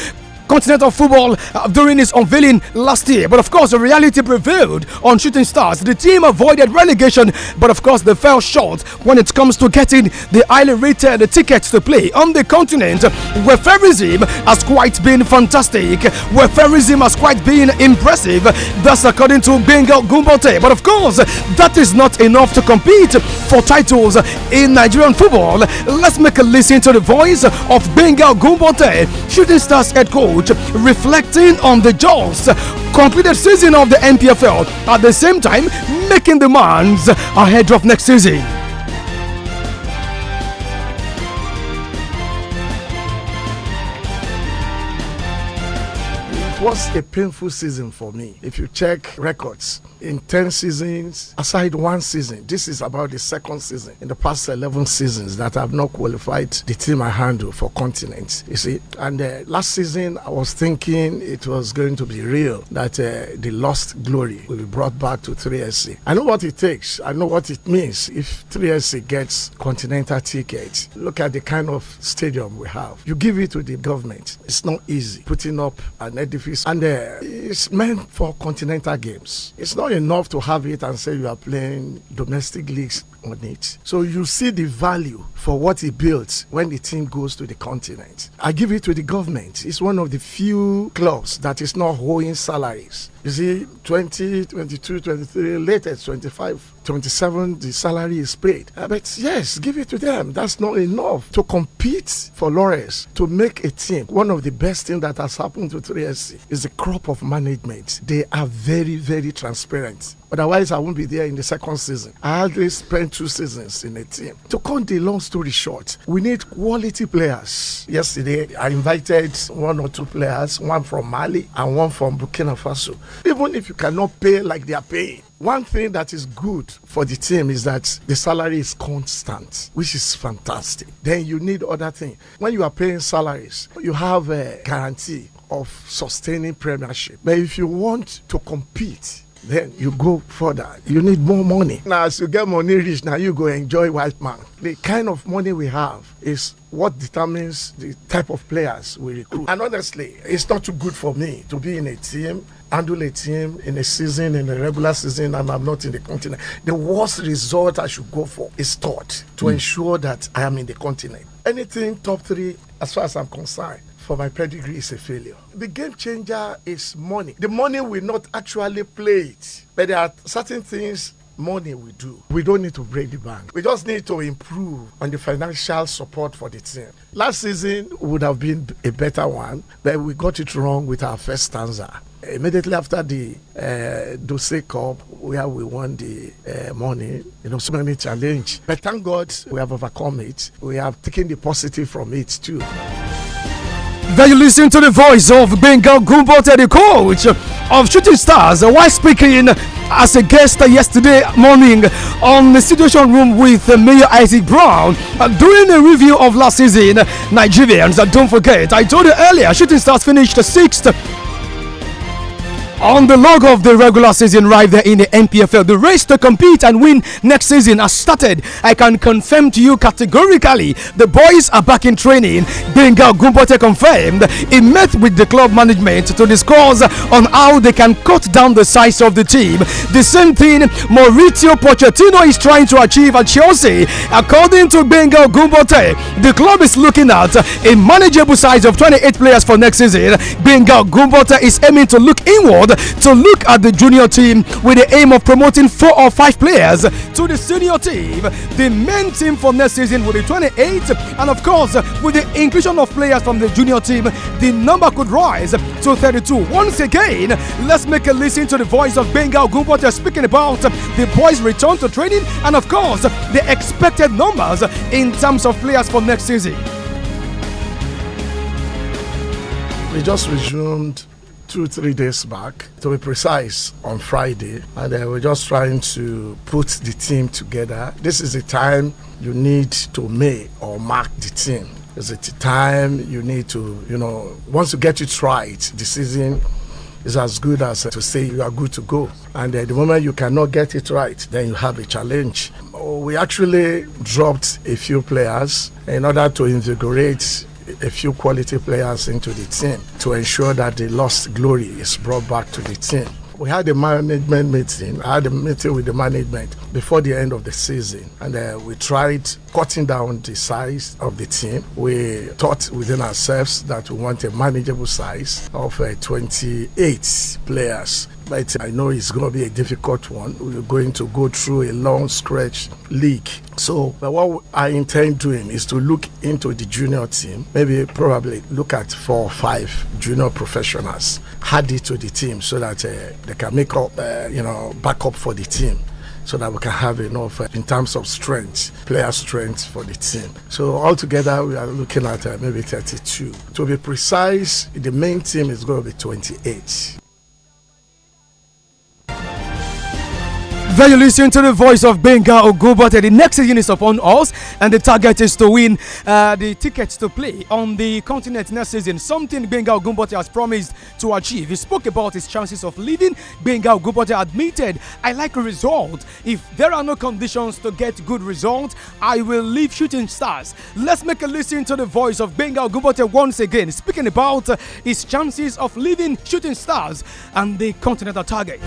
continental football uh, during his unveiling last year. But of course, the reality prevailed on Shooting Stars. The team avoided relegation, but of course, they fell short when it comes to getting the highly rated tickets to play on the continent, where Ferrizim has quite been fantastic, where Ferrizim has quite been impressive. That's according to Bengal Gumbote. But of course, that is not enough to compete for titles in Nigerian football. Let's make a listen to the voice of Bengal Gumbote, Shooting Stars head coach coach, reflecting on the jaws completed season of the NPFL, at the same time making demands ahead of next season. It was a painful season for me. If you check records, in 10 seasons, aside one season. This is about the second season. In the past 11 seasons that I've not qualified the team I handle for continents, you see. And uh, last season, I was thinking it was going to be real, that uh, the lost glory will be brought back to 3SC. I know what it takes. I know what it means if 3SC gets continental tickets. Look at the kind of stadium we have. You give it to the government. It's not easy putting up an edifice. And uh, it's meant for continental games. It's not enough to have it and say you are playing domestic leagues on it. So you see the value for what he builds when the team goes to the continent. I give it to the government. It's one of the few clubs that is not owing salaries. You see, 20, 22, 23, latest 25 27 the salary is paid uh, but yes give it to them that's not enough to compete for lawrence to make a team one of the best things that has happened to 3sc is the crop of management they are very very transparent Otherwise, I won't be there in the second season. I hardly spent two seasons in a team. To cut the long story short, we need quality players. Yesterday, I invited one or two players, one from Mali and one from Burkina Faso. Even if you cannot pay like they are paying, one thing that is good for the team is that the salary is constant, which is fantastic. Then you need other things. When you are paying salaries, you have a guarantee of sustaining premiership. But if you want to compete, then you go further. You need more money. Now, as you get money rich, now you go enjoy white man. The kind of money we have is what determines the type of players we recruit. And honestly, it's not too good for me to be in a team handle a team in a season, in a regular season, and I'm not in the continent. The worst result I should go for is third to mm. ensure that I am in the continent. Anything top three, as far as I'm concerned, for my pedigree is a failure. The game changer is money. The money will not actually play it, but there are certain things money we do. We don't need to break the bank. We just need to improve on the financial support for the team. Last season would have been a better one, but we got it wrong with our first stanza immediately after the uh, Dose Cup, where we won the uh, money, you know, so many challenge. But thank God we have overcome it. We have taken the positive from it too. There you listen to the voice of Bengal Gumbo, the coach of Shooting Stars, while speaking as a guest yesterday morning on the Situation Room with Mayor Isaac Brown uh, during a review of last season. Nigerians, uh, don't forget, I told you earlier, Shooting Stars finished sixth on the log of the regular season right there in the NPFL, the race to compete and win next season has started. I can confirm to you categorically the boys are back in training. Benga Gumbote confirmed he met with the club management to discuss on how they can cut down the size of the team. The same thing Mauricio Pochettino is trying to achieve at Chelsea. According to Benga Gumbote, the club is looking at a manageable size of 28 players for next season. Benga Gumbote is aiming to look inward squad to look at the junior team with the aim of promoting four or five players to the senior team. The main team for next season will be 28, and of course, with the inclusion of players from the junior team, the number could rise to 32. Once again, let's make a listen to the voice of Bengal Ogunbote speaking about the boys' return to training and, of course, the expected numbers in terms of players for next season. We just resumed two, three days back, to be precise, on Friday. And uh, we're just trying to put the team together. This is the time you need to make or mark the team. It's a time you need to, you know, once you get it right, the season is as good as to say you are good to go. And the moment you cannot get it right, then you have a challenge. We actually dropped a few players in order to invigorate a few quality players into the team to ensure that the lost glory is brought back to the team. We had a management meeting. I had a meeting with the management before the end of the season, and uh, we tried cutting down the size of the team. We thought within ourselves that we want a manageable size of uh, 28 players but I know it's going to be a difficult one. We're going to go through a long stretch leak. So, what I intend doing is to look into the junior team, maybe probably look at four or five junior professionals, add it to the team so that uh, they can make up, uh, you know, backup for the team so that we can have enough uh, in terms of strength, player strength for the team. So altogether, we are looking at uh, maybe 32. To be precise, the main team is going to be 28. There you listen to the voice of Benga Ogubate. The next season is upon us, and the target is to win uh, the tickets to play on the continent next season. Something Benga Ogubate has promised to achieve. He spoke about his chances of leaving. Benga Ogubate admitted, "I like a result. If there are no conditions to get good results, I will leave Shooting Stars." Let's make a listen to the voice of Benga Ogubate once again, speaking about uh, his chances of leaving Shooting Stars and the continental target.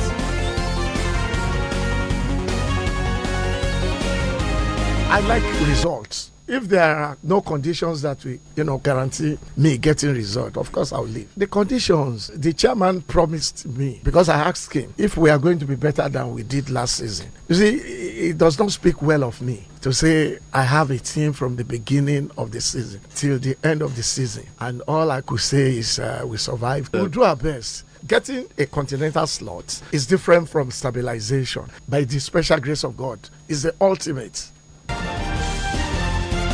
I like results. If there are no conditions that we, you know, guarantee me getting result, of course I'll leave. The conditions the chairman promised me because I asked him if we are going to be better than we did last season. You see, it does not speak well of me to say I have a team from the beginning of the season till the end of the season, and all I could say is uh, we survived. We'll do our best getting a continental slot is different from stabilization by the special grace of God is the ultimate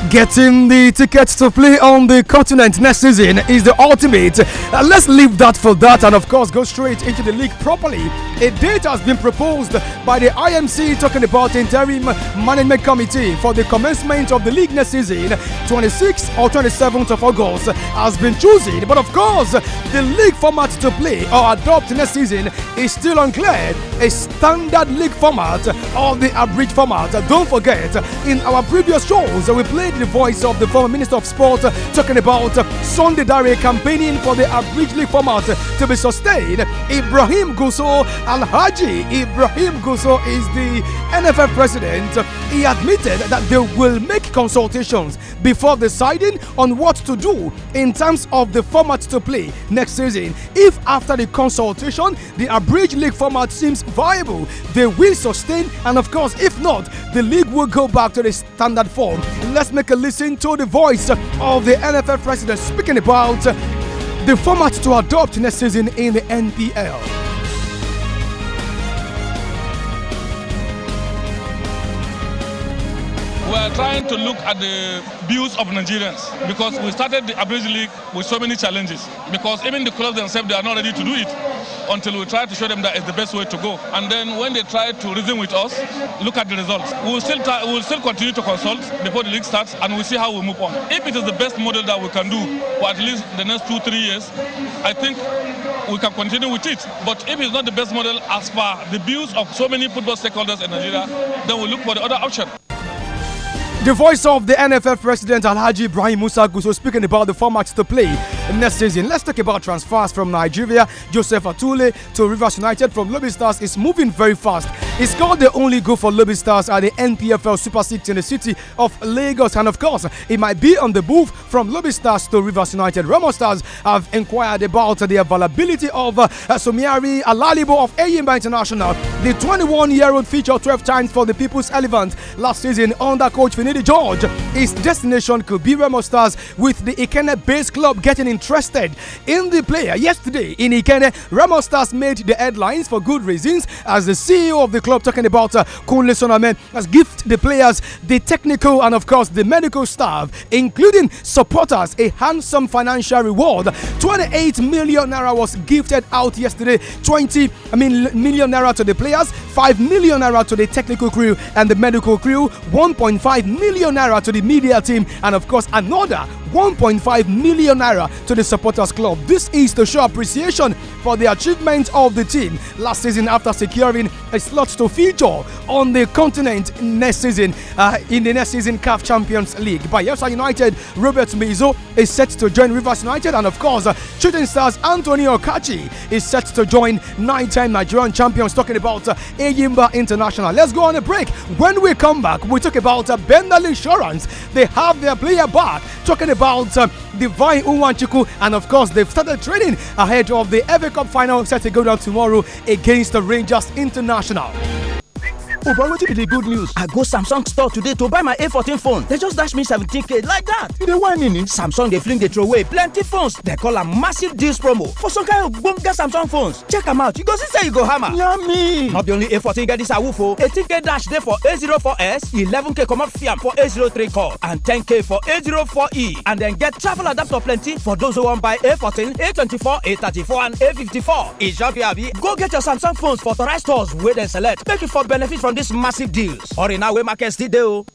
Getting the tickets to play on the continent next season is the ultimate. Uh, let's leave that for that and, of course, go straight into the league properly. A date has been proposed by the IMC talking about interim management committee for the commencement of the league next season, 26th or 27th of August, has been chosen. But, of course, the league format to play or adopt next season is still unclear. A standard league format or the abridged format. Don't forget, in our previous shows, we played the voice of the former Minister of Sport uh, talking about uh, Sunday Diary campaigning for the abridged league format to be sustained. Ibrahim Gusso Al Haji Ibrahim Gusso is the NFL president. He admitted that they will make consultations before deciding on what to do in terms of the format to play next season. If after the consultation the abridged league format seems viable, they will sustain, and of course, if not, the league will go back to the standard form. Let's make take a listen to the voice of the NFL president speaking about the format to adopt next season in the NPL. we are trying to look at the views of Nigerians because we started the Abridged League with so many challenges because even the clubs themselves, they are not ready to do it until we try to show them that it's the best way to go. And then when they try to reason with us, look at the results. We will still, try, we will still continue to consult before the league starts and we'll see how we move on. If it is the best model that we can do for at least the next two, three years, I think we can continue with it. But if it's not the best model as far the views of so many football stakeholders in Nigeria, then we look for the other option. The voice of the NFF president Alhaji Ibrahim Musa Guso speaking about the formats to play next season. Let's talk about transfers from Nigeria. Joseph Atule to Rivers United from Lobby Stars is moving very fast. He scored the only goal for Lobby Stars at the NPFL Super 6 in the city of Lagos. And of course, it might be on the move from Lobby Stars to Rivers United. Ramos Stars have inquired about the availability of uh, Somiari Alalibo of Ayimba International. The 21 year old featured 12 times for the People's Elephant last season under coach Finidi George. His destination could be Ramos Stars with the Ikene based club getting interested in the player. Yesterday in Ikene, Remo Stars made the headlines for good reasons as the CEO of the club club, talking about uh, Kunle Sonamen, has gift the players, the technical, and of course the medical staff, including supporters, a handsome financial reward. 28 million naira was gifted out yesterday. 20, I mean, million naira to the players, 5 million naira to the technical crew and the medical crew, 1.5 million naira to the media team, and of course another 1.5 million naira to the supporters club. This is to show appreciation for the achievements of the team last season after securing a slot to feature on the continent next season uh, in the next season CAF Champions League. Bayelsa United, Robert Mizo is set to join Rivers United and of course uh, shooting stars Antonio Kachi is set to join nine-time Nigerian champions talking about uh, Ayimba International. Let's go on a break. When we come back, we talk about uh, Bendal Insurance. They have their player back talking about about uh, um, Divine Uwanchiku. And of course, they've started training ahead of the FA Cup final set to go down tomorrow against the Rangers International. Oh, but wetin be the good news? I go samsung store today to buy my a14 phone, They just dash me 17k like that You dey whine nini? Samsung dey fling dey away plenty phones, They call am massive deals promo for some kind of ogbonge Samsung phones. Check am out, you go see say you go hammer. Yummy! Not be only a14 get this awoof o, 18k dash dey for a04s, eleven k comot fiam for a03 core and ten k for a04e and then get travel adapter plenty for those who wan buy a14, a24, a34 and a54. E sure go get your samsung phones for authorized stores wey dem select make you for benefit from from massive deals. Or in our market still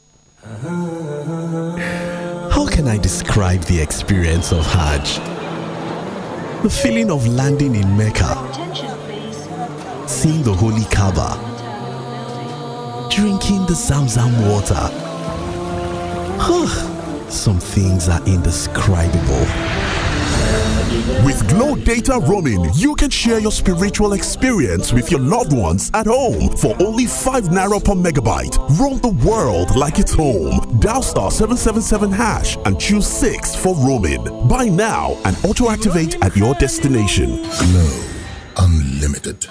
How can I describe the experience of Hajj? The feeling of landing in Mecca, seeing the holy Kaaba, drinking the Zamzam water. Some things are indescribable. With Glow Data Roaming, you can share your spiritual experience with your loved ones at home for only 5 naira per megabyte. Roam the world like it's home. Dial star 777 hash and choose 6 for roaming. Buy now and auto activate at your destination. Glow Unlimited.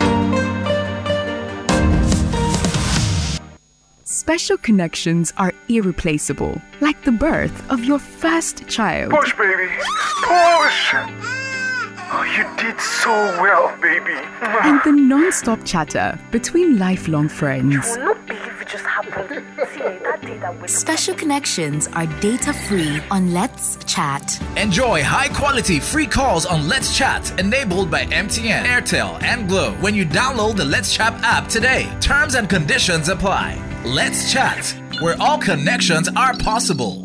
Special connections are irreplaceable, like the birth of your first child. Push, baby. Push! Oh, you did so well, baby. and the non stop chatter between lifelong friends. Special connections are data free on Let's Chat. Enjoy high quality free calls on Let's Chat enabled by MTN, Airtel, and Glow when you download the Let's Chat app today. Terms and conditions apply. Let's Chat, where all connections are possible.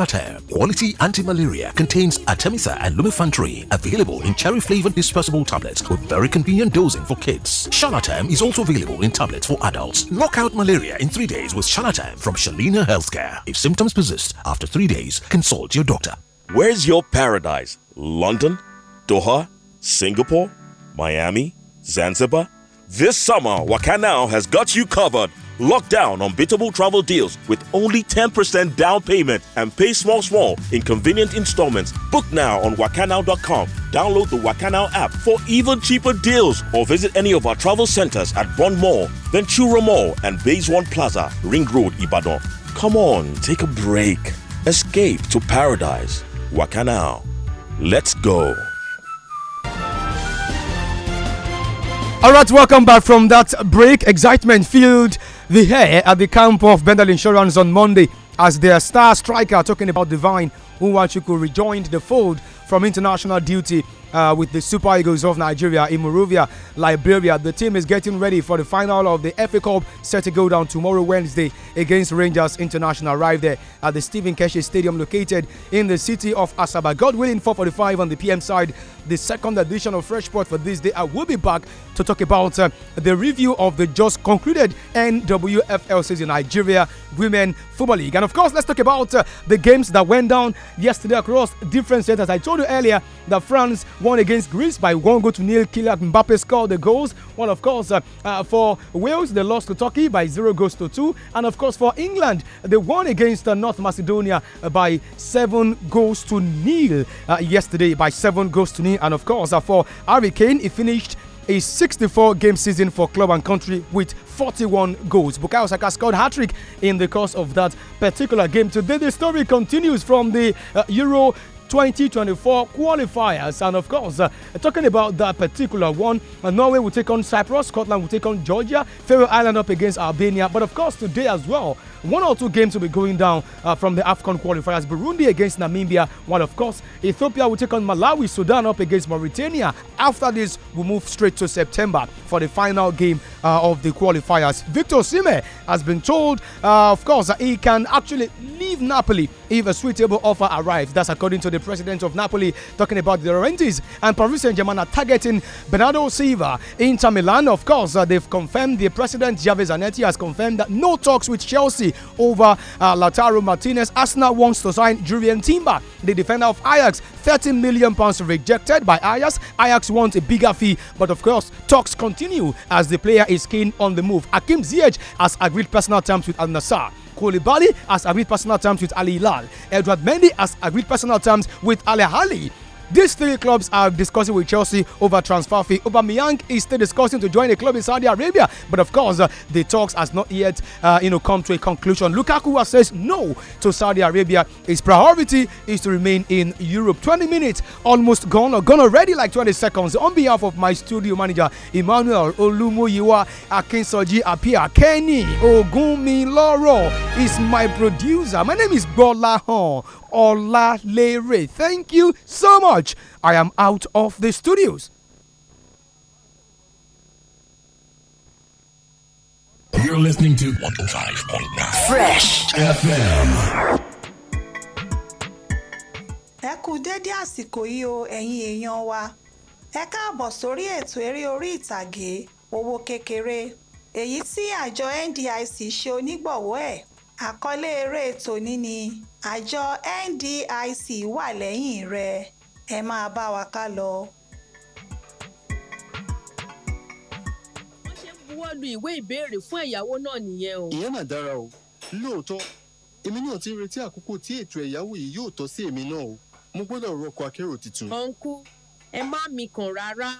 Calatab, quality anti-malaria, contains Artemisa and lumefantrine, available in cherry-flavored dispersible tablets with very convenient dosing for kids. Shalatam is also available in tablets for adults. Knock out malaria in three days with Shalatam from Shalina Healthcare. If symptoms persist after three days, consult your doctor. Where's your paradise? London? Doha? Singapore? Miami? Zanzibar? This summer, Wakanao has got you covered Lock down bitable travel deals with only 10% down payment and pay small, small in convenient installments. Book now on wakanow.com. Download the Wakanow app for even cheaper deals or visit any of our travel centers at Bond Mall, Ventura Mall, and Bays One Plaza, Ring Road, Ibadan. Come on, take a break. Escape to paradise. Wakanow. Let's go. All right, welcome back from that break. Excitement filled the hair at the camp of Bendel Insurance on Monday as their star striker, talking about Divine Unwachuku, rejoined the fold from international duty uh, with the Super Eagles of Nigeria in Moravia, Liberia. The team is getting ready for the final of the FA Cup set to go down tomorrow, Wednesday, against Rangers International. Arrive there at the Stephen Keshe Stadium, located in the city of Asaba. God willing, 4:45 on the PM side the second edition of Fresh Sport for this day. I will be back to talk about uh, the review of the just concluded NWFL season Nigeria Women Football League. And of course, let's talk about uh, the games that went down yesterday across different centers. I told you earlier that France won against Greece by one goal to nil. Kylian Mbappe scored the goals. Well, of course, uh, uh, for Wales, they lost to Turkey by zero goals to two. And of course, for England, they won against uh, North Macedonia by seven goals to nil uh, yesterday by seven goals to nil. Rooney, and of course, for Harry Kane, he finished a 64 game season for club and country with 41 goals. Bukayo Saka scored hat-trick in the course of that particular game. Today the story continues from the uh, Euro 2024 qualifiers. And of course, uh, talking about that particular one, uh, Norway will take on Cyprus, Scotland will take on Georgia, Faroe Island up against Albania. But of course, today as well, one or two games will be going down uh, from the AFCON qualifiers. Burundi against Namibia, while of course Ethiopia will take on Malawi, Sudan up against Mauritania. After this, we move straight to September for the final game uh, of the qualifiers. Victor Sime has been told, uh, of course, that he can actually leave leave Napoli if a suitable offer arrives. That's according to the president of Napoli, talking about the Laurentiis and Paris Saint-Germain are targeting Bernardo Silva. Inter Milan, of course, uh, they've confirmed the president Javier Zanetti has confirmed that no talks with Chelsea over uh, Lautaro Martinez. Arsenal wants to sign Julian Timber, the defender of Ajax. 13 million pounds rejected by Ajax. Ajax wants a bigger fee, but of course, talks continue as the player is keen on the move. Akim Ziyech has agreed personal terms with Al Nassr. Koulibaly has agreed personal terms with Ali Hilal. Edward Mendy has agreed personal terms with Ali Hali. These three clubs are discussing with Chelsea over transfer fee. Aubameyang is still discussing to join a club in Saudi Arabia, but of course, uh, the talks has not yet, uh, you know, come to a conclusion. Lukaku says no to Saudi Arabia. His priority is to remain in Europe. 20 minutes almost gone, or gone already, like 20 seconds. On behalf of my studio manager Emmanuel Olumoyiwa Akinsoji Apia Kenny Ogunmiloro is my producer. My name is Bola Hon. Olalere. Thank you so much. I am out of the studios. You're listening to 105.9 Fresh FM. ẹ kú dédé àsìkò yìí o ẹ̀yin èèyàn wa ẹ káàbọ̀ sórí ètò eré orí ìtàgé owó kékeré èyí tí àjọ NDIC ṣe onígbọ̀wọ́ ẹ̀ àkọlé eré ètò ní ni àjọ ndic wà lẹ́yìn rẹ̀ ẹ máa bá wa ká lọ buwọ́ lu ìwé ìbéèrè fún ẹ̀yáwó náà nìyẹn o. ìyẹn mà dára o lóòótọ́ èmi náà ti retí àkókò tí ètò ẹ̀yáwó yìí yóò tọ́ sí èmi náà o mo gbọ́dọ̀ rọkọ̀ akérò tuntun. ọ̀nkú ẹ má mi kàn rárá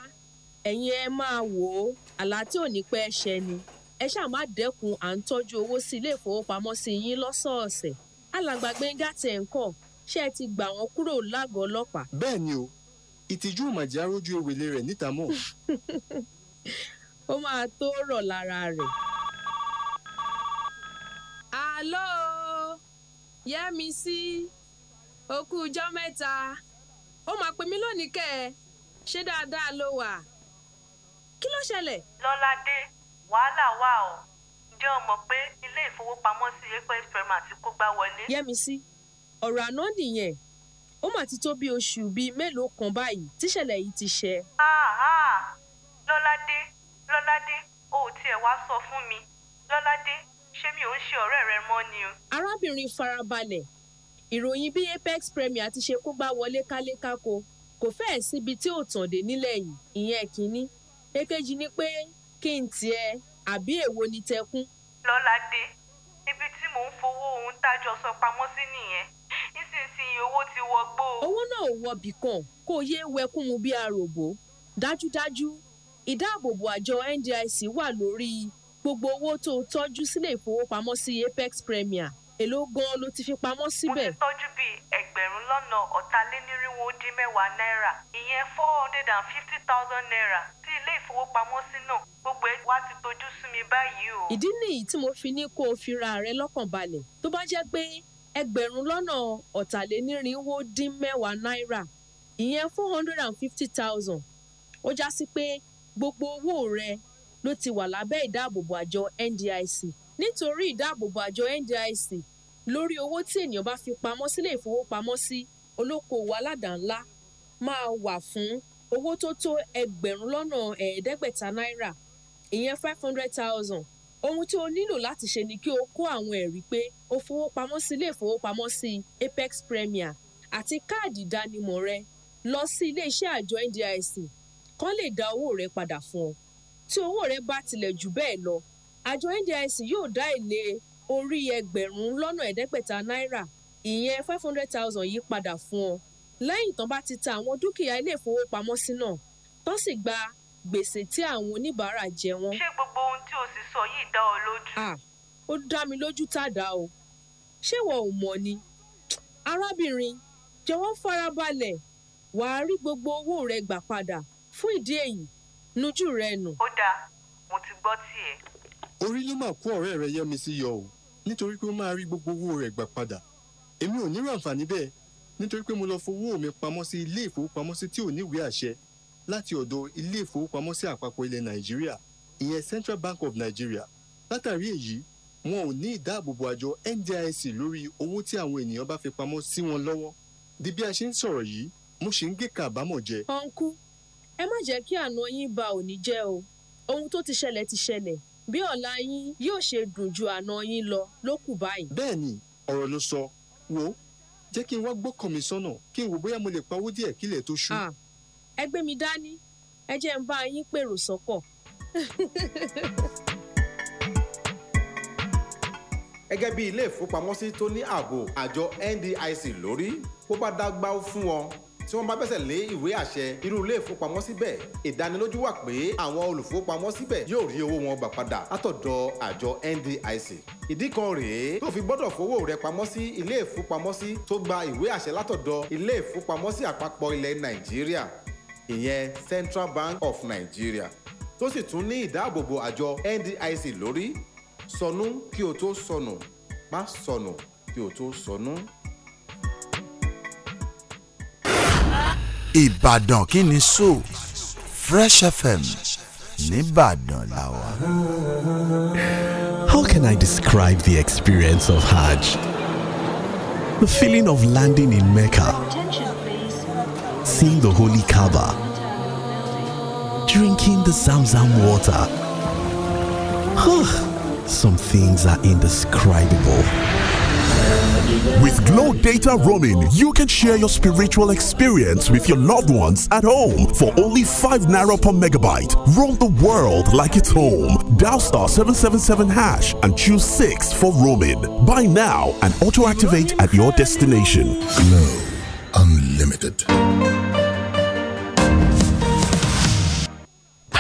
ẹ̀yin ẹ máa wò ó àlá tí ò ní pẹ́ ṣẹ ni ẹ ṣáà má dẹ́kun à ń tọ́jú owó sí ilé ìfowópamọ́sí yín lọ́sọ̀ọ̀sẹ̀ alàgbà Gbẹ́ngà Tẹ̀ǹkọ̀ ṣé ẹ ti gbà wọ́n kúrò lágọ̀ọ́ ọlọ́pàá. bẹ́ẹ̀ ni o ìtìjú ìmọ̀jì arójú ewele rẹ̀ níta mọ́. ó máa tó rọ̀ lára rẹ̀. àlọ́ yẹ́misí okú ọjọ́ mẹ́ta ó máa pè mí lónìí kẹ́ ṣé dáadáa ló wà kí ló ṣẹlẹ̀. lọ́ládé wàhálà wà o ǹjẹ́ o mọ̀ pé ilé ìfowópamọ́sí Apex Premier ti kógbá wọlé. Yẹ́misí ọ̀rọ̀ àná nìyẹn ó mà ti tó bí oṣù bíi mélòó kan báyìí tíṣẹ̀lẹ̀ yìí ti ṣẹ. Lọ́ládé Lọ́ládé o ò tiẹ̀ wá sọ fún mi Lọ́ládé ṣé mi ò ń ṣe ọ̀rẹ́ rẹ mọ́ ni o. arábìnrin farabalẹ̀ ìròyìn bí Apex Premier ti ṣe kógbá wọlé kálékáko kò fẹ́ẹ̀ síbi tí ò tàn dé nílẹ̀ yìí ìyẹn kínní èkejì ni pé kí n tiẹ̀ àbí èwo ni tẹkún. lọ́ládé ibi tí mò ń fowó ohun tájọ sọ pamọ́ sí nìyẹn nísinsìnyí owó ti wọgbó. owó náà ò wọbì kan kó o yéé wẹkún mu bí aròbó dájúdájú ìdáàbòbò àjọ ndic wà lórí gbogbo owó tó o tọ́jú sílé ìfowópamọ́sí apex premier èló gan-an ló ti fi pamọ́ síbẹ̀. mo ti tọ́jú bíi ẹgbẹ̀rún lọ́nà ọ̀tàlénírínwó dín mẹ́wàá náírà ìyẹn four hundred and fifty thousand naira sí ilé ìfowópamọ́sí náà gbogbo ẹ wá ti tojú sú mi báyìí o. ìdí nìyí tí mo fi ní kó o fira rẹ lọ́kàn balẹ̀ tó bá jẹ́ pé ẹgbẹ̀rún lọ́nà ọ̀tàlénírínwó dín mẹ́wàá náírà ìyẹn four hundred and fifty thousand ó já sí pé gbogbo owó rẹ ló ti wà lábẹ́ ìdáàbòbò àjọ NDIC nítorí ìdáàbòbò àjọ NDIC lórí owó tí ènìyàn bá fi pamọ́ sílé ìfowópamọ́sí olókoòwò aládàá-ńlá máa wà fún owó tó tó ẹgbẹ̀rún lọ́nà ẹ̀ẹ́dẹ́gbẹ̀ta náírà ìyẹn five hundred thousand ohun tí o nílò láti ṣe ni kí o kó àwọn ẹ̀rí pé o fowópamọ́ sí ilé ìfowópamọ́sí apex premier àti káàdì ìdánimọ̀ rẹ lọ sí iléeṣẹ́ àjọ ndic kán lè dá owó rẹ padà fún ọ tí owó rẹ bá tilẹ̀ jù bẹ́ẹ̀ lọ àjọ ndic yóò dá èlé orí ẹgbẹ̀rún lọ́nà ẹ̀ẹ́dẹ́gbẹ̀ta náírà ìyẹn five hundred thousand yìí padà fún ọ lẹ́yìn tán bá ti ta àwọn dúkìá ilé ìfowópamọ́sí náà tán sì gba gbèsè tí àwọn oníbàárà jẹ wọ́n. ṣé gbogbo ohun tí o sì sọ yìí dá ọ lójú. à ó dá mi lójú tàdá o ṣé wọn ò mọ̀ ni. arábìnrin jọ̀wọ́ farabalẹ̀ wàá rí gbogbo owó rẹ gbà padà fún ìdí èyí nujú rẹ nù. ó dáa mo ti gbọ́ tiẹ̀. orí ló máa kó ọ̀rẹ́ rẹ yẹ́ mi sí yọ o nítorí pé ó máa rí gbogbo owó rẹ gbà padà èmi ò ní ràǹfààní bẹ́ẹ̀ nítorí pé mo lọ fowó mi pamọ́ sí ilé ìfowópamọ́sí tí ò ní ìwé àṣẹ láti ọ̀dọ̀ ilé ìfowópamọ́sí àpapọ̀ ilẹ̀ nàìjíríà ìyẹn Central Bank of Nigeria látàrí èyí wọn ò ní ìdáàbòbò àjọ NDIC lórí owó tí àwọn ènìyàn bá fi pamọ́ sí wọn lọ́wọ́ di bí a ṣe ń sọ̀rọ̀ yìí mo ṣì ń gé kàbámọ̀ jẹ. ọ̀nkú ẹ má jẹ́ kí àná yín ba òní jẹ́ o ohun tó ti ṣẹlẹ̀ ti ṣẹlẹ̀ bí ọ̀la yín yóò ṣe dùn ju àná yín lọ ló kù báyìí. bẹ́ẹ̀ ni ọ̀rọ̀ ló sọ wo jẹ́ kí n wá gbọ́kàn mi sọ́nà kí n wò bóyá mo lè pawó díẹ̀ kílẹ̀ tó ṣú. Ah, ẹ gbé mi dání ẹ jẹ́ ń bá yín pèrò sọ́kọ̀. gẹ́gẹ́ bí ilé ìfowópamọ́sí tó ní ààbò àjọ NDIC lórí bó bá dágbà fún wọn tí wọ́n bá bẹ̀sẹ̀ lé ìwé àṣẹ irú ilé ìfowópamọ́sí bẹ́ẹ̀ ìdánilójú wà pé àwọn olùfowópamọ́sí bẹ́ẹ̀ yóò rí owó wọn gbà padà látọ̀dọ̀ àjọ NDIC ìdí kan rèé tó fi gbọ́dọ̀ fowó rẹ pamọ́ sí ilé ìfowópamọ́sí tó gba ìwé àṣẹ látọ̀dọ̀ ilé ìfowópamọ́sí àpapọ̀ ilẹ̀ Nàìjíríà ìyẹn Central Bank of Nigeria tó sì tún ní ìdáàbòbò àjọ NDIC lórí sọnù kí o tó sọnù má sọnù kí o tó sọnù. Ìbàdàn kí ni so Fresh FM nìbàdàn la wà. How can I describe the experience of Hajj? The feeling of landing in Mecca. blessing the holy Kaaba, drinking the Zamzam water. Some things are indescribable. With Glow Data Roaming, you can share your spiritual experience with your loved ones at home for only 5 naira per megabyte. Roam the world like it's home. Dial star 777 hash and choose 6 for roaming. Buy now and auto activate at your destination. Glow Unlimited.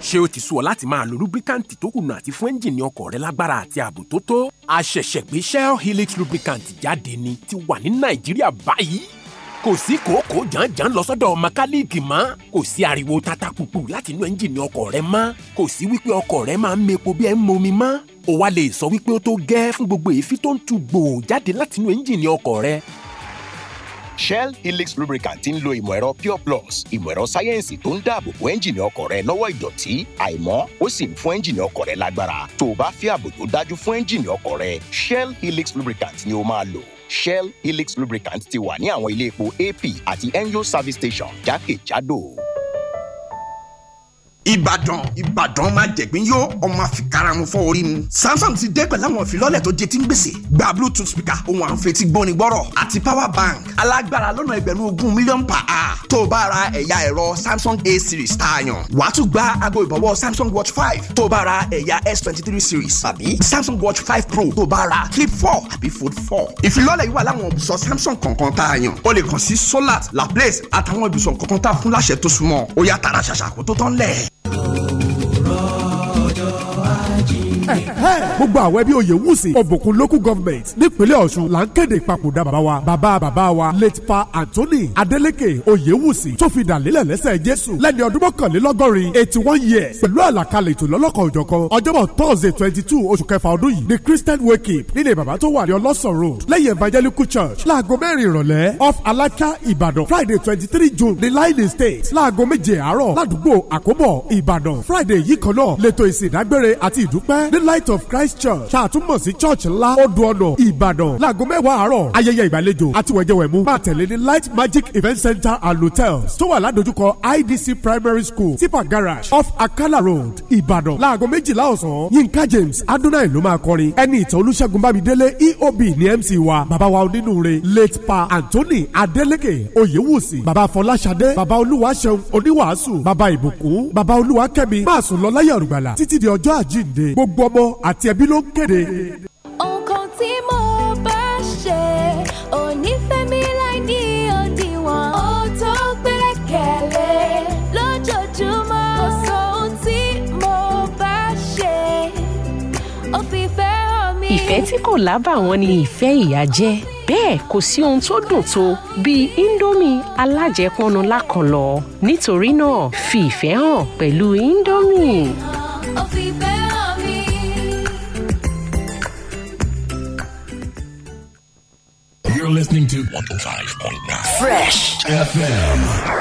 ṣé o ti sú láti máa lo lubricant tó kùnà àti fún ẹ́ńjìnì ọkọ̀ rẹ lágbára àti ààbò tó tó? a gbé Shell Helix lubricant jáde ni ti wà ní Nàìjíríà báyìí. kò sí kòókòó jàǹjàǹ lọ sọ́dọ̀ mẹkáníìkì mọ́ kò sí ariwo tata pupu láti inú ẹ́ńjìnì ọkọ̀ rẹ mọ́ kò sí wípé ọkọ̀ rẹ máa ń mepo bí ẹ ń momi mọ́ o wá lè sọ wípé ó tó gẹ́ fún gbogbo èéfín tó ń tu gbòò jáde látinú ẹ́ńjìnì ọkọ̀ rẹ Shell Helix lubricant ń lo ìmọ̀ ẹ̀rọ Pure Plus ìmọ̀ ẹ̀rọ sáyẹ́ǹsì tó ń dáàbò bo ẹ́ńjìnì ọkọ̀ rẹ lọ́wọ́ ìdọ̀tí àìmọ́ ó sì ń fún ẹ́ńjìnì ọkọ̀ rẹ lágbára tó o bá fẹ́ ààbò tó dájú fún ẹ́ńjìnì ọkọ̀ rẹ Shell Helix lubricant ni o máa lò Shell Helix lubricant ti wà ní àwọn ilé epo AP àti NGO service station jákèjádò ìbàdàn ìbàdàn máa jẹ̀gbín yó ọmọ àfikara mu fọ́ orí mu. samsung ti dé pẹ̀lú àwọn ìfilọ́lẹ̀ tó jẹ tí ń gbèsè gba bluetooth speaker ohun àǹfẹ̀tì gbóni gbọ́rọ̀ àti power bank alágbára lọ́nà ẹgbẹ̀rún ogún mílíọ̀nù pa á tó o bá ra ẹ̀yà ẹ̀rọ samsung a series tá a yàn. wàá tún gba aago ìbọ̀wọ́ samsung watch five tó o bá ra ẹ̀yà s twenty three series àbí samsung watch five pro tó o bá ra Clip four àbí fold four. ìfilọ́lẹ̀ yìí wà láwọn ibùsọ̀ samsung kọ̀ọ̀kan tá a yàn. o lè kàn sí solat laplace àtàwọn ibùsọ̀ kọ̀ọ̀kan tá a fún láṣẹ tó súnmọ́ ó yá tààrà ṣàṣà tó tán lẹ̀. Energy. gbogbo àwọn ẹbí oyè wùsì ọ̀bùnkún local government nípínlẹ̀ ọ̀ṣun là ń kéde ìpapòdà bàbá wa bàbá bàbá wa late pa anthony adeleke oyewusi tó fi dàlílẹ̀ lẹ́sẹ̀ jésù lẹ́ni ọdún mọ́kànlélọ́gọ́rin eighty one years pẹ̀lú àlàkalẹ̀ ètò lọ́lọ́kan òjọ̀kan ọjọ́bọ̀ thursday twenty two oṣù kẹfà ọdún yìí ni christian wake up nílé bàbá tó wà ní ọlọ́sàn road lẹ́yìn evangelical church láago mẹ́rin ìrọ̀lẹ́ off alaka ìbàdàn friday twenty three june ní line state láago méje àárọ̀ ládùúgbò àkóbọ̀ ìbàdàn friday yìí kan náà lẹ́tọ̀ ìsìn ìdágbére àti ìdúpẹ́ ní light of christ church ṣàtúmọ̀ sí church ńlá odò ọ̀nà ìbàdàn láago mẹ́wàá àárọ̀ ayẹyẹ ìgbàlejò àti wẹ̀jẹ̀wẹ̀mú máa tẹ̀lé ní light magic event center and hotels tó wà ládojúkọ idc primary school tipa garage off akala road ìbàdàn láago méjìlá ọ̀sán Yinka james adúnáì ló máa kọrin ẹni ìtàn olúṣẹ́gun bámidélé eob ní mc wa bàbá wa onínúure late pa anthony adeleke oyewusi bàbá fọláṣadé bàbá olúwaṣeun oníwàásù bàbá ìbùkún bàbá olúwakẹ́mi máa sùn lọ láyé òrùgbàlà títí di ọjọ́ àjíǹde gbogbo gbogbo ọmọ àti ẹbí ló ń kéde. nǹkan tí mo bá ṣe ò ní fẹ́ mi láì ní òdiwọ̀n ó tó gbẹ́kẹ̀lé lójoojúmọ́ kò sọ ohun tí mo bá ṣe ó fi fẹ́ hàn mí. ìfẹ́ tí kò lábàwọ́n ni ìfẹ́ ìyá jẹ́ bẹ́ẹ̀ kò sí ohun tó dùn tó bíi indomie alájẹpọnu lákọlọ nítorí náà fi ìfẹ́ hàn pẹ̀lú indomie. You're listening to 105.9 Fresh FM.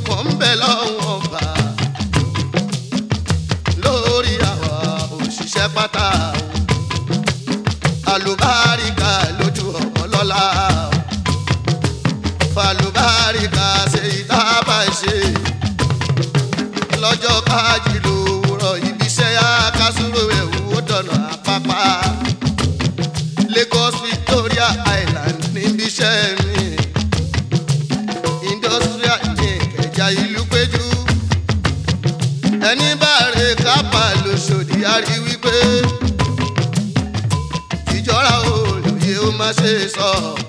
come, Bella. Jesus.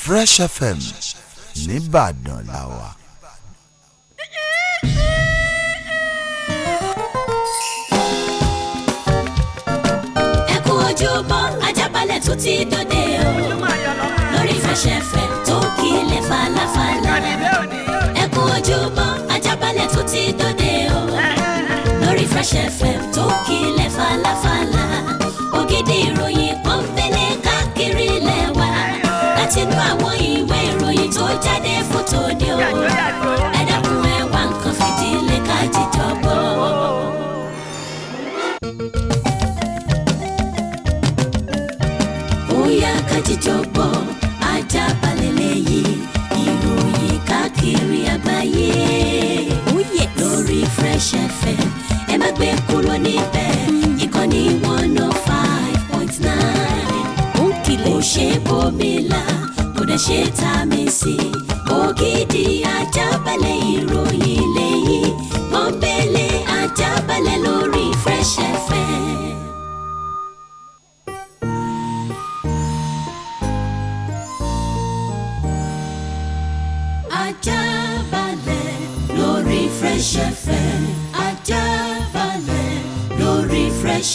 Fresh FM nìbàdàn. fìlà kò dẹ̀ ṣe tá a mi sí. ògidì ajábalẹ̀ ìròyìn lẹ́yìn pọ́npẹ́lẹ́ ajábalẹ̀ lórí Fresh FM. ajábalẹ̀ lórí Fresh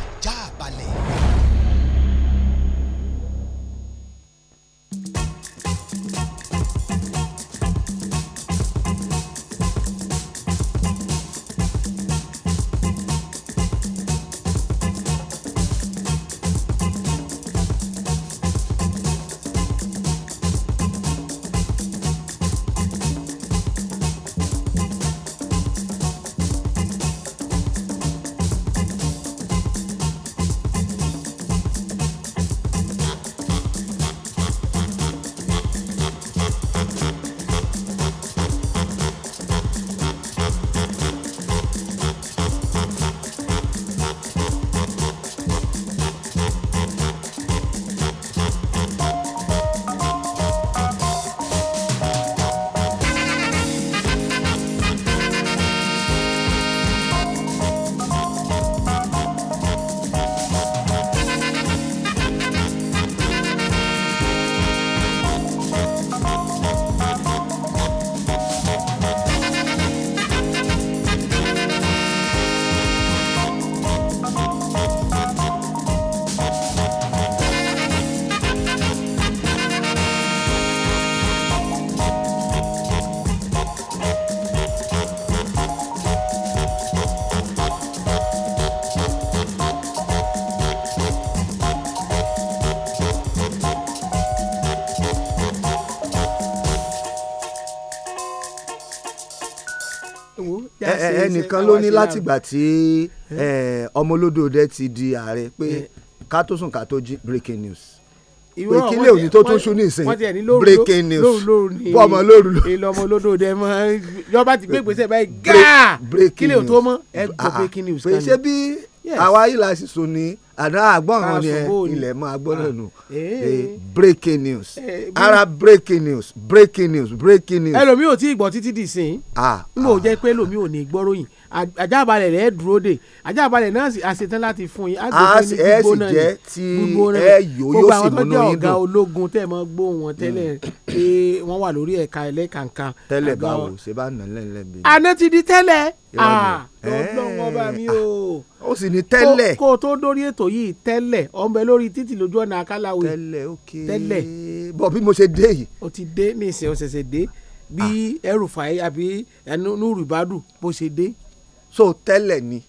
ẹnìkan ló ní látìgbà tí eh. ọmọlódò dẹ ti di ààrẹ pé eh. ká tó sùn ká tó jí breaking news pé kílẹ̀ òní tó tún ṣú nísìn breaking news bọ́ ọmọ lóru ló. èlò ọmọ lódò dẹ mọ yọba ti gbé gbèsè báyìí gáà kílẹ̀ ò tó mọ ẹ gbọ́ ah, ah, ah. breaking news kan ni. pèsè bí àwa yìí la sì sùn ní àná àgbọ̀nràn yẹn ilẹ̀ máa gbọ́dọ̀ ah, nù eh. Eh, breaking news eh, ara breaking news breaking news breaking news. ẹlòmíì ò tí ì gbọ́ títí dì sí ah, n mò ah. jẹ́ pé ẹlòmíì ò ní gbọ́ròyìn àjàbalẹ̀ rẹ̀ dúró dè àjàbalẹ̀ náà a ṣetán láti fún yín àgbẹ̀ fún yín gbígbóná ni gbígbóná ni gbogbo àwọn tó jẹ́ ọ̀gá ológun tẹ̀ mọ́ gbó wọn tẹ́lẹ̀ mm. pé wọ́n wà lórí ẹ̀ka ẹlẹ́kàǹkan. tẹ́lẹ̀ báwo ṣe bá nà lẹ́lẹ́ bí. àná ti di tẹ́lẹ̀ ah, lọ́wọ́ bá mi o. ó sì ní tẹ́lẹ̀. kó o tó dórí ètò yìí tẹ́lẹ̀ ọmọ ẹ lórí títì lójú ọ̀nà àkàlàwé. tẹ́lẹ̀ ok tẹ́lẹ̀. bọ̀ bí mo ṣe dé yìí. o ti dé ní ìsìn ọ̀sẹ̀sẹ̀ dé bí ah. ẹrù fàáyé àbí ẹnu nùrù ìbádùn bó ṣe dé so tẹ́lẹ̀ ni.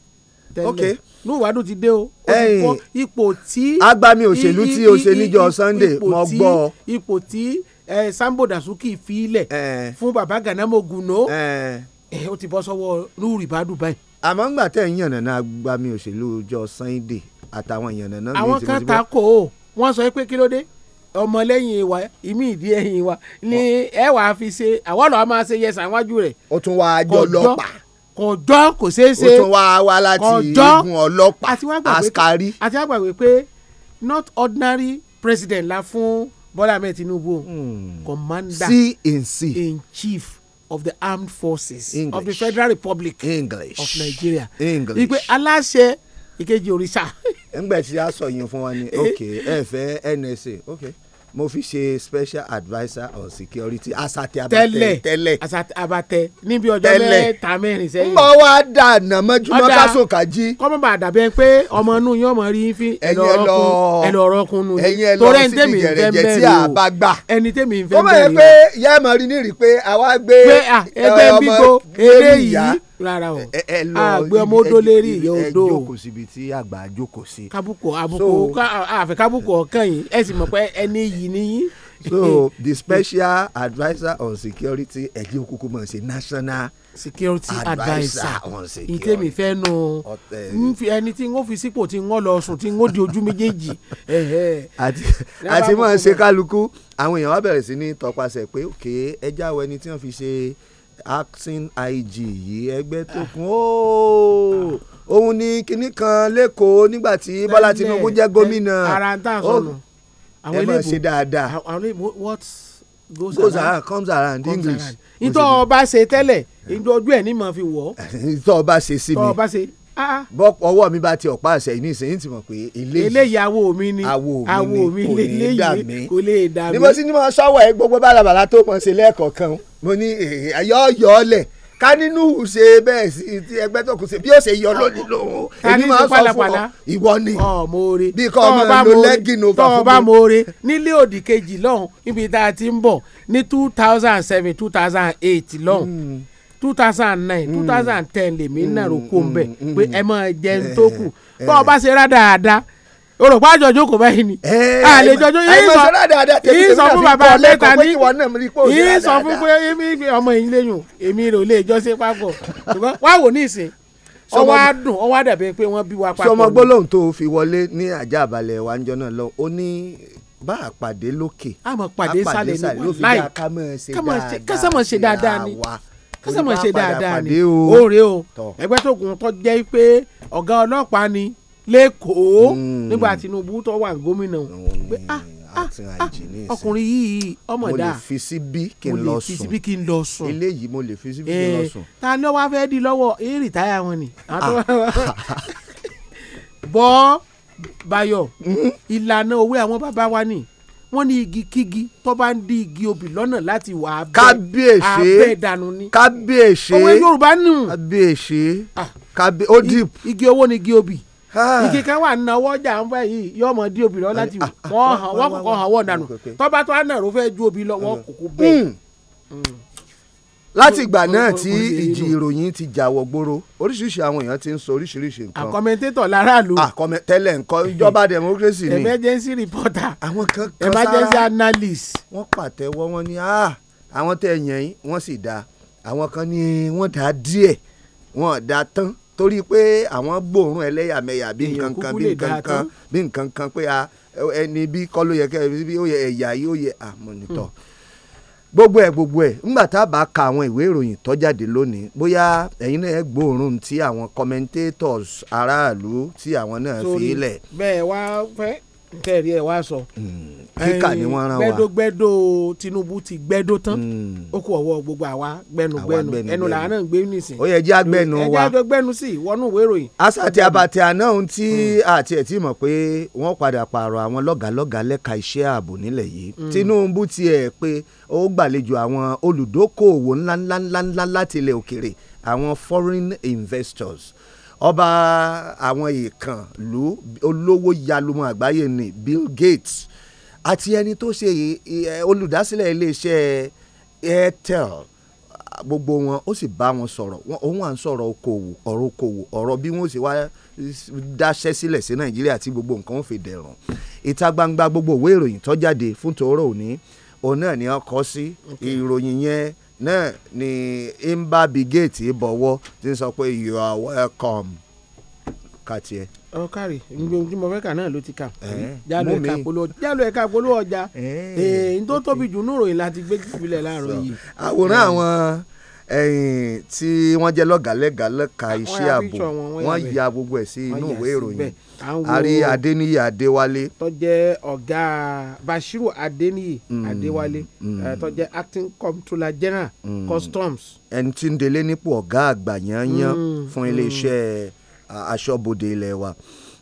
tẹ́lẹ̀ okay lùwádùn ti dé o. ẹyìn ipò tí. agbami òṣèlú tí o ṣe níjọ́ Sunday mo gbọ́. ipò tí Sambo Dasuki fi ilẹ̀ eh. fún baba Gana Moguno o eh. eh, ti bọ́ sọ́wọ́ lórí ìbádùn báyìí. àmọ́ ńgbà tẹ̀ ń yànnàná agbami òṣèlú ọjọ́ Sunday àtàwọn yànnàná. àwọn kan ta kò ó wọ́n sọ pé kí ló dé ọmọlẹ́yìn wa ìmí ìdí ẹ̀yìn wa ni ẹ wàá fi ṣe àwọn ọ̀nà máa ṣe yẹsẹ̀ àwájú rẹ̀. ó tún wáá jọ lọ́pàá kò jọ kò ṣeé ṣe ó tún wá wá láti igun ọlọ́pàá askari. àti wá gbàgbé pé not ordinary president la fún Bọ́lá Ahmed Tinubu mm. commander CNC in chief of the armed forces English. of the Federal Republic English. of Nigeria English ìpè aláṣẹ ìkejì òrìṣà. ńgbà tí a sọ yín fún wa ni ok ẹ fẹ́ NSA ok mo fi ṣe special adviser on security asate abatẹ tẹ́lẹ̀ asate abatẹ níbi ọjọ́ mẹ́ta mẹ́rin sẹ́yìn. nbọ wa da nàmọjúmọ kásò kájí. kọ́mọ́ bá dàbẹ́ pé ọmọ inú yóò mọ̀ rí fi ẹ̀lọ́ ọ̀rọ̀kun nù. ẹ̀yin ẹ̀ lọ sí ti jẹ̀rẹ̀jẹ̀ tí a bá gbà. ẹni tẹ́mi ń fẹ́ bẹ́ẹ̀ ni. kọ́mọ̀ yẹn pé yẹ́ẹ̀mọ̀ rí ní pé àwa gbé ọmọ eré yìí rárá o àgbẹ̀ ọmọ odó lérí ìyá odó o ẹ àfẹ kábùkù ọkàn yìí ẹ sì mọ̀ pé ẹni yìí nìyí. so the special advisor on security ẹ̀jẹ̀ òkùnkùn mọ̀ sí national security advisor. adviser ìtẹ̀mí fẹ́ nu ẹni tí n ó fi sípò tí n ó lọ sùn tí n ó di ojú méjèèjì. àti mọ̀ ṣe kálukú àwọn èèyàn wá bẹ̀rẹ̀ sí ní tọpasẹ̀ pé òkè ẹja wo ẹni tí wọ́n fi ṣe acting IG yìí ẹgbẹ́ tó kún óò òun ni kinní kan lẹ́kọ̀ọ́ nígbà tí Bọ́lá Tinubu jẹ́ gómìnà ó oh, ẹ mọ̀ ṣe dáadáa. goes, goes around, around comes around comes English. ìtọ́ ọba ṣe tẹ́lẹ̀ ìjọ ojú ẹ̀ ní mọ̀ fi wọ̀. ìtọ́ ọba ṣe sí mi bọ́ ọwọ́ mi bá ti ọ̀pá àṣẹ yìí nísìnyí ti mọ̀ pé eléyìí eléyìí awo mi ni awo mi kò lè dà mí kò lè dà mí. ní mo sì ní mo sọ́wọ́ ẹ gbogbo bàlàbàlà tó mọ̀ ṣe lẹ́ẹ̀kọ̀ọ̀kan mo ní yọ yọ lẹ̀ ká nínú ṣe bẹ́ẹ̀ sí ti ẹgbẹ́ tó kù ṣe bí ó ṣe yọ lónìí lòun èmi máa sọ fún ọ ìwọ ni bí kò ọmọ ló lẹ́gìnì òfà fún mi. tọ́ọ̀bá moore nílé òdì kejì lọ́hùn níbi tá a ti ń bọ̀ ní two thousand seven two thousand eight lọ́hùn hmm two oh thousand nine hmm. two thousand ten lèmi hmm, náà rò kó hmm, n bẹ̀ pé ẹ mọ̀ jẹ́ tó kù eh, bọ́ ọ bá ṣe rá dáadáa olùkọ́ àjọjọ́ kò báyìí ni àlejò eh, yìí sọ fún bàbá mẹ́ta ní yìí sọ fún pé èmi ọmọ yìí lẹ́yìn èmi rò lè jọ ṣe papọ̀ ṣùgbọ́n wá wò ní ìsìn ọwọ́ á dùn ọwọ́ á dàbí pé wọ́n bí wa papọ̀. sọmọ gbólóhùn tó fi wọlé ní àjà àbálẹ̀ wa ń jọ náà lọ ó ní bá a pàdé lókè a pàdé sálẹ̀ ló fi dá ká mọ̀ ṣe dáadáa wa kí sì mọ̀ ṣe dáadáa ni oore o ẹgbẹ́ tó kún tó jẹ́ pé ọ̀gá ọlọ́pàá ni lẹ́kọ̀ọ́ hmm. nígbà Tinubu tó wà gómìnà hmm. pé ah, ah, ah ọkùnrin yìí ọmọ dáa mo lè fi sí bí kí n lọ sùn mo lè fi sí bí kí n lọ sùn eléyìí mo lè fi sí bí kí n lọ sùn. ta ni wàá fẹ́ di lọ́wọ́ ẹ rìtáyà wọn ni. Ah. bọ́ Bayọ̀ hmm? ìlànà òwe àwọn bàbá wa ni wọ́n ní igi kígi tó bá ń di igi obì lọ́nà láti wà abẹ́ kábíyèsí abẹ́ òwe yorùbá nù. kábíyèsí ah. kábí ó dìp. igi owó ni igi obì ah. igi kan wà nínú ọjà ń bẹ́ yìí yọ ọmọ di obì lọ láti ah, wọ́n hàn wọ́n kọ̀ọ̀kan hàn wọ́n dànù tó bá tó fẹ́ ju obì lọ wọ́n mm. kòkó bẹ́ẹ̀. Mm. Mm láti ìgbà náà tí ìjì ìròyìn ti jà wọ̀gboro oríṣiríṣi àwọn èèyàn ti ń sọ oríṣiríṣi nǹkan. àkọ́mẹ́tétọ̀ láràlú. àkọ́mẹ́ nǹkan ìjọba democracy ni. emergency reporter. àwọn kan kan sára emergency analyst. wọ́n pàtẹ́wọ́ wọn ni ah, àwọn tẹ́ yẹn yín wọ́n sì dáa àwọn kan ni wọ́n dá díẹ̀ wọ́n dá tán torí pé àwọn gbòòrùn ẹlẹ́yàmẹ̀yà bí nkankan bí nkankan bí nkankan pé ẹni bí kọ́ ló yẹ kẹ́ ẹ̀yà gbogbo ẹ̀ gbogbo ẹ̀ ńgbà tá a bá ka àwọn ìwé ìròyìn tó jáde lónìí bóyá ẹ̀yin náà gbóòórùn tí àwọn commentators aráàlú tí àwọn náà fi lẹ̀. bẹ́ẹ̀ wá fẹ́ tẹ́ẹ̀rí ẹ̀ wá sọ. Hmm, kíkà ni wọ́n rán wa gbẹ́dógbẹ́dó Tinubu ti gbẹ́dó tán hmm. ó kú ọwọ́ gbogbo àwa gbẹnugbẹnu ẹnu làwọn náà ń gbé nìsín. ó yẹ jẹ́ agbẹnu wa ẹjẹ́ agbẹnu sí wọnú ìwé ìròyìn. asàtì abatẹ àná ohun tí àti hmm. ẹ̀ tí mọ̀ pé wọ́n padà pààrọ̀ àwọn lọ́gàálọ́gàá lẹ́ka iṣẹ́ ààbò nílẹ̀ yìí Tinubu ti ẹ̀ pé ó gbàlejò àwọn olùdókòòwò ńláńláńláńlá láti ilẹ̀ foreign investors ọba àwọn ìkànnlú olówó yalumọ àgbáyé ni Bill Gates àti ẹni tó ṣe olùdásílẹ̀ iléeṣẹ́ Airtel gbogbo wọn ó sì bá wọn sọ̀rọ̀ òun à ń sọ̀rọ̀ okòwò ọ̀rọ̀ okòwò ọ̀rọ̀ bí wọ́n sì wá dáṣẹ́ sílẹ̀ sí Nàìjíríà tí gbogbo nǹkan ó fi dẹ̀rùn ìta gbangba gbogbo ìwé ìròyìn tó jáde fún tòórọ́ òní òun náà ni wọ́n kọ sí ìròyìn yẹn náà ni imba bigate bọ̀wọ́ ti sọ pé you are welcome kàtí ọ kárí ní fẹ́ kà náà ló ti kà jálò ẹ̀ka polówó jálò ẹ̀ka polówó tó tóbi jù nù ròyìn láti gbé láàárọ̀ yìí. àwòrán àwọn tí wọ́n jẹ́ lọ́gàálẹ́gàá lẹ́ka iṣẹ́ ààbò wọ́n ya gbogbo ẹ̀ sí inú ìwé ìròyìn àrí adéníyì adéwálé. tó jẹ́ ọ̀gá bashiru adéníyì mm, adéwálé mm. Eh, tó jẹ́ acting comptroller general mm. customs. ẹni tí ń delé nípò ọ̀gá àgbà yanyan mm, fún iléeṣẹ́ aṣọ́bodè ilé wa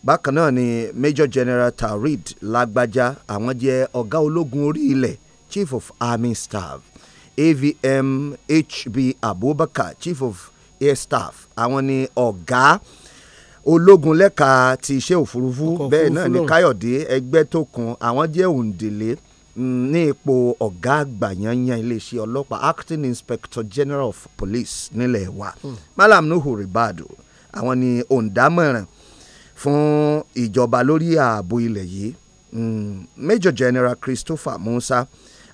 bákan náà ni major general tarid Lagbaja, àwọn jẹ́ ọ̀gá ológun orí ilẹ̀ chief of army staff avm hb abubakar chief of air staff àwọn ni ọ̀gá ológun lẹ́ka ti iṣẹ́ òfurufú bẹ́ẹ̀ náà ni káyọ̀dé ẹgbẹ́ tó kun àwọn jẹ́ òǹdèlé mm, ní ipò ọ̀gá àgbà yanyan iléeṣẹ́ ọlọ́pàá acting inspector general of police nílẹ̀ wa hmm. malam nuhu ribadu àwọn ni òǹdámọ̀ràn fún ìjọba lórí ààbò ilẹ̀ yìí mm, major general christopher musa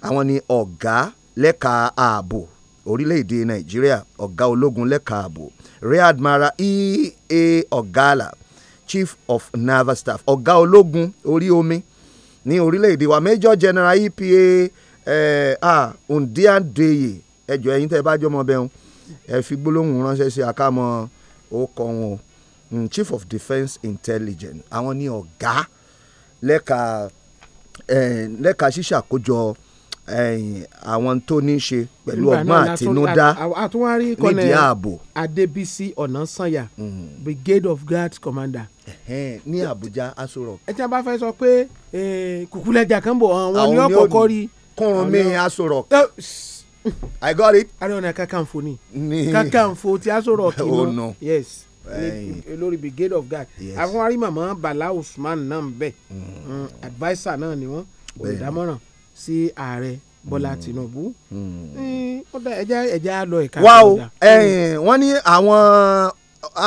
àwọn ni ọ̀gá lẹ́ka ààbò orílẹ̀-èdè nàìjíríà ọ̀gá ológun lẹ́ka ààbò rear admiral E.A. Ogala chief of naval staff ọ̀gá ológun orí omi ní orílẹ̀-èdè wa major general E.P.A. Eh, ah, Nduandeye ẹjọ́ ẹ̀yin tẹ́ ẹ bá jọmọ bẹ́ẹ̀ ẹ fi gbólóhùn ránṣẹ́ sí akámọ́ ọkọ̀ wọn o mm, chief of defence intelligence àwọn ní ọ̀gá lẹ́ka eh, lẹ́ka ṣíṣàkójọ àwọn tó ní í ṣe pẹ̀lú ọgbọ́n àtinúdá nídìí ààbò. Adébísí Ọ̀nàsànyà mm-hmm. Brigade of Guards Commander. ní Àbújá aṣọ ẹ tí a bá fẹ́ sọ pé kùkúlẹ̀jà kan bọ̀ àwọn ni ọkọ̀ọ̀kọ́ rí. kọ́run mi aṣọ rock. I got it. Ààrẹ Ọ̀nà Kakanfò ni Kakanfò ti aṣọ rock iná yes lórí Brigade of Guards. àwọn arímọ̀mọ́ Bala Usman náà ń bẹ̀ mm. Mm, adviser náà ni wọ́n olùdámọ̀ràn sí ààrẹ bọ́lá hmm. tìǹbù hmm. ẹja lọ ìka. wá o wọ́n ní àwọn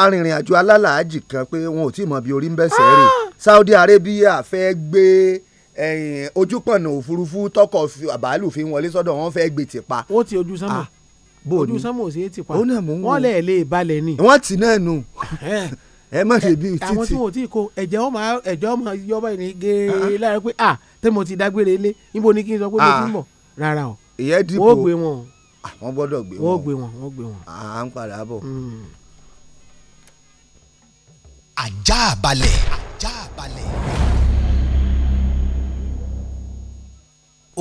arìnrìn-àjò alálàájì kan pé wọn ò tí ì mọ bí orí ń bẹ̀sẹ̀ rè ah! Saudi Arabia fẹ́ gbé ojúpọ̀nà òfurufú tọkọ̀ bàálù fi wọlé sọ́dọ̀ wọn fẹ́ gbé tìpa. wọ́n ti ojú sánmọ̀ ah, ojú sánmọ̀ ò sí é tìpa wọ́n lẹ̀ lè balẹ̀ ni. wọ́n ti náà nù ẹ má ṣe bí títì àwọn tí wọn ò tí ì kó ẹ̀jẹ̀ ọmọ ẹ̀jẹ̀ ọmọ yọba ìní gèè ah, ah. láàrin pé ah tẹ́ mo ti dágbére ilé níbo ni kí n sọ pé mo ti ń ah. bọ̀ rárá o ìyẹn dìbò wọ́n gbé wọn wọ́n gbọ́dọ̀ gbé wọn wọ́n gbé wọn wọ́n gbé wọn. à ń padà bọ̀. Hmm. ajá balẹ̀ ajá balẹ̀.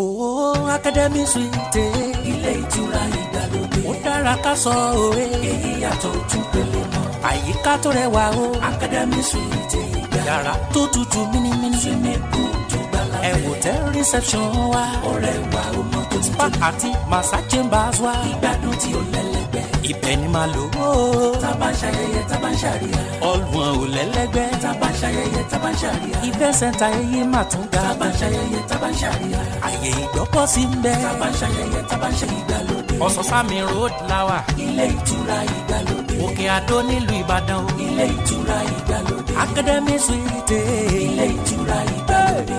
Owó Academy Suite. Ilé ìtura ìgbàlódé. Ó dára ká sọ òwe. Èyí yàtọ̀ ojú pele àyíká tó rẹwà o. academy suite ìgbà yàrá tó tutù mímímí. swimming pool ẹ wò tẹ́ reception wa. ọ̀rẹ́ wa ó mọ tó ti tó. spa àti Massage. chambers wa. ìgbádùn tí ó lẹ́lẹ́gbẹ́. ibẹ̀ ni màá lò ó. tábà ń ṣayẹyẹ tábà ń ṣàríyá. ọ̀gbun ò lẹ́lẹ́gbẹ́. tábà ń ṣayẹyẹ tábà ń ṣàríyá. ibẹ̀ sẹ́ńtà ẹyẹ mà tún ga. tábà ń ṣayẹyẹ tábà ń ṣàríyá. àyè ìgbọ́kọ̀ sí ń bẹ. tábà ń ṣayẹyẹ tábà ń ṣe ìgbàlódé. ọ̀sánsámi road lawa. ilé ìtura ìgbàlódé. òkè àdó nílùú ìbàdàn. ilé ìtura ìgbàlódé. academy suite. ilé ìtura ìgbàlódé.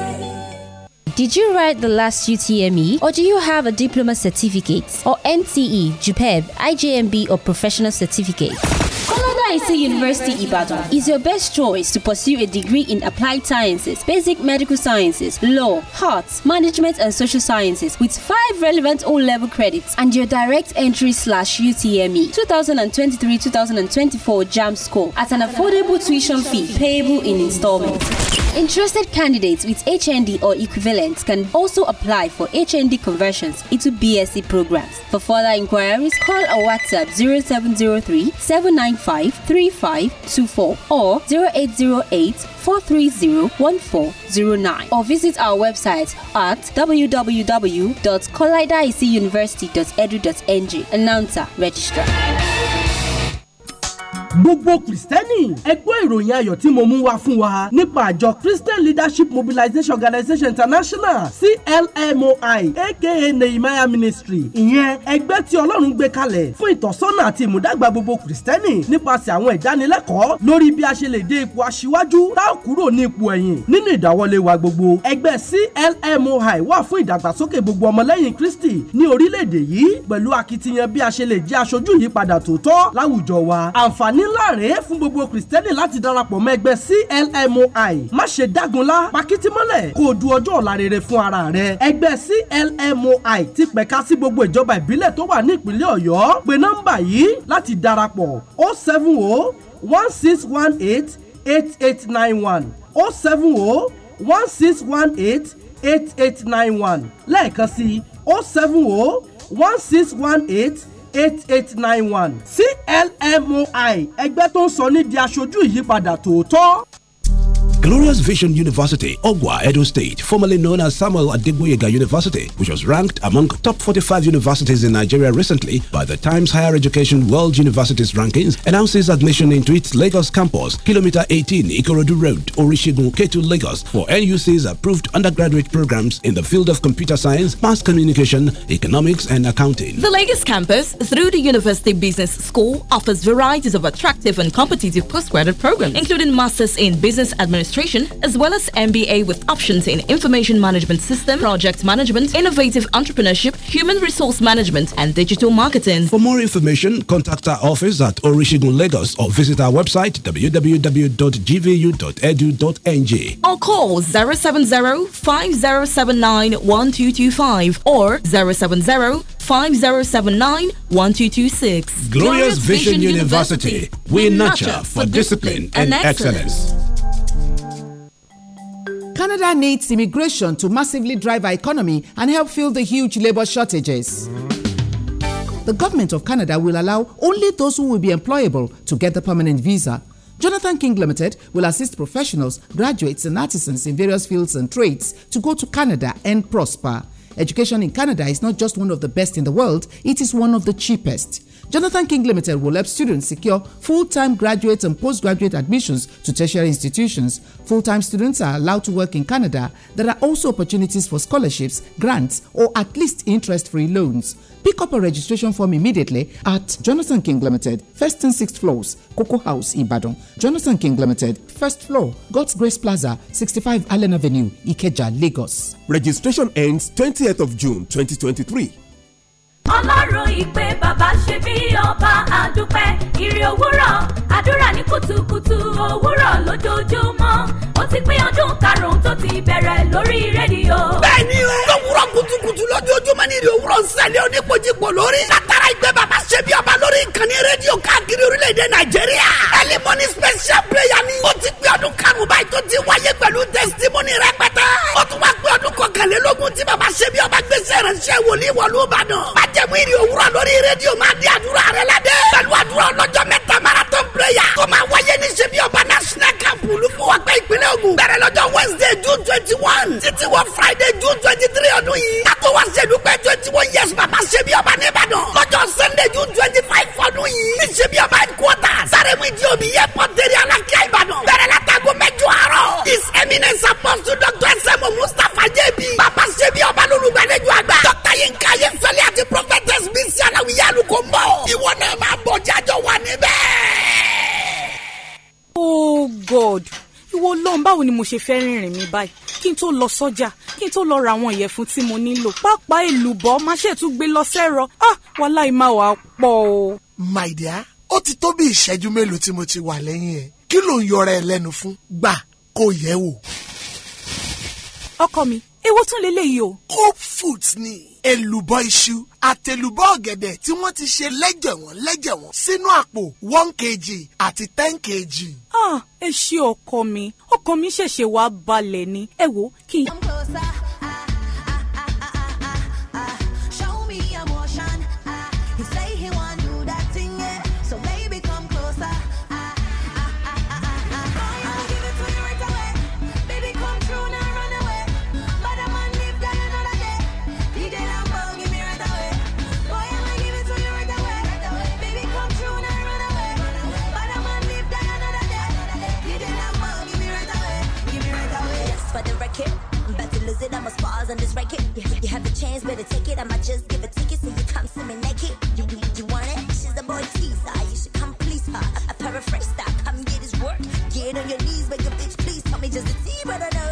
Did you write the last UTME or do you have a diploma certificate or NTE, JUPEB, IJMB or professional certificate? Ise University Ibadan is your best choice to pursue a degree in applied sciences, basic medical sciences, law, arts, management and social sciences with five relevant O-level credits and your direct entry slash UTME 2023-2024 JAM score at an affordable tuition fee payable in installments. Interested candidates with HND or equivalents can also apply for HND conversions into BSc programs. For further inquiries, call our WhatsApp 0703 795 3524 or 0808 430 1409 or visit our website at www.collideicuniversity.edu.ng. Announcer register. gbogbo kìrìsìtẹ́nì ẹgbẹ́ ìròyìn ayọ̀ tí mo mú wá fún wa nípa àjọ christian leadership mobilization organization international clmoi aka nehemiah ministry ìyẹn ẹgbẹ́ tí ọlọ́run gbé kalẹ̀ fún ìtọ́sọ́nà àti ìmúdàgbà gbogbo kìrìsìtẹ́nì nípasẹ̀ àwọn ìdánilẹ́kọ̀ọ́ lórí bí a ṣe lè dé ipò aṣíwájú tá a kúrò ní ipò ẹ̀yìn nínú ìdáwọlé wa gbogbo ẹgbẹ́ clmoi wà fún ìdàgbàsókè gbogbo ọmọlẹ́yìn kristi ní orílẹ̀-èdè yìí pẹ̀lú akitiyan bí a ṣe àǹfààní ńlá rèé fún gbogbo kìrìsìtẹ́nì láti darapọ̀ mọ́ ẹgbẹ́ CLMOI má ṣe dágunlá pakitímọ́lẹ̀ kó o du ọjọ́ ọ̀la rere fún ara rẹ ẹgbẹ́ CLMOI ti pẹ̀ka sí gbogbo ìjọba ìbílẹ̀ tó wà ní ìpínlẹ̀ Ọ̀yọ́ pé nọ́mbà yìí láti darapọ̀ 070 1618 8891 070 1618 8891 lẹ́ẹ̀kan sí 070 1618 eight eight nine one clmoi ẹgbẹ́ tó ń sọ nídìí aṣojú ìyípadà tòótọ́ Glorious Vision University, Ogwa, Edo State, formerly known as Samuel Adegboyega University, which was ranked among top 45 universities in Nigeria recently by the Times Higher Education World Universities Rankings, announces admission into its Lagos campus, Kilometer 18, Ikorodu Road, Orishigun, Ketu, Lagos, for NUC's approved undergraduate programs in the field of computer science, mass communication, economics, and accounting. The Lagos campus, through the University Business School, offers varieties of attractive and competitive postgraduate programs, including masters in business administration Administration, as well as MBA with options in Information Management System, Project Management, Innovative Entrepreneurship, Human Resource Management, and Digital Marketing. For more information, contact our office at Orishigun Lagos or visit our website www.gvu.edu.ng or call 070-5079-1225 or 070-5079-1226. Glorious Vision, Vision University. University. We nurture for discipline and excellence. excellence. Canada needs immigration to massively drive our economy and help fill the huge labor shortages. The government of Canada will allow only those who will be employable to get the permanent visa. Jonathan King Limited will assist professionals, graduates, and artisans in various fields and trades to go to Canada and prosper. Education in Canada is not just one of the best in the world, it is one of the cheapest. Jonathan King Limited will help students secure full time graduate and postgraduate admissions to tertiary institutions. Full time students are allowed to work in Canada. There are also opportunities for scholarships, grants, or at least interest free loans. Pick up a registration form immediately at Jonathan King Limited, first and sixth floors, Coco House, Ibadan. Jonathan King Limited, first floor, God's Grace Plaza, 65 Allen Avenue, Ikeja, Lagos. Registration ends 20th of June 2023 ọlọ́run ìpè bàbá ṣe bí ọba àdúpẹ́ ire òwúrọ̀ àdúrà ní kùtùkùtù òwúrọ̀ lójoojúmọ́ ó ti pín ọdún karùn-ún tó ti bẹ̀rẹ̀ lórí rédíò. bẹ́ẹ̀ni o lówùrọ̀ kùtùkùtù lójoojúmọ́ ní ìrìn òwúrọ̀ nsẹlẹ oníkojúpọ lórí. látara ìgbẹ́ bàbá ṣe bí ọba lórí ìkànnì rédíò káàkiri orílẹ̀-èdè nàìjíríà. early morning special prayer ni. ó ti pé ọdún karùn-ún báyìí tó ti wáyé pẹ̀lú testimony rẹpẹtẹ. ó tún wá pé ọdún kọkànlélógún tí bàbá ṣe bí ọba wíìrì òwúrọ̀ lórí rédíò má ṣe fẹ́ rìnrìn mi báyìí kí n tó lọ sọ́jà kí n tó lọ ra àwọn ìyẹ̀fun tí mo nílò pàápàá èlùbọ́ máa ṣe tún gbé lọ sẹ́rọ ah wàláì máa wà á pọ̀ o. my dear ó ti tó bí ìṣẹ́jú mélòó tí mo ti wà lẹ́yìn ẹ̀ kí ló ń yọra ẹ lẹ́nu fún gbà kó yẹ̀ wò. ọkọ mi èwo tún lélẹ́yìí o. hope foods ni èlùbọ́ iṣu àtèlùbọ́ ọ̀gẹ̀dẹ̀ tí wọ́n ti ṣe lẹ́jẹ̀wọ̀n lẹ́jẹ̀wọ̀n sínú àpò one kg àti ten kg. ah ẹ ṣé ọkọ mi ọkọ mi ṣẹ̀ṣẹ̀ wá balẹ̀ ni ẹ wo kí n. spars on this record. You, you have a chance, better take it. I might just give a ticket so you come see me naked. You, you, you want it? She's a boy teaser. You should come please her. I paraphrase that. Come get his work. Get on your knees, make a bitch please. Tell me just a T, but I know.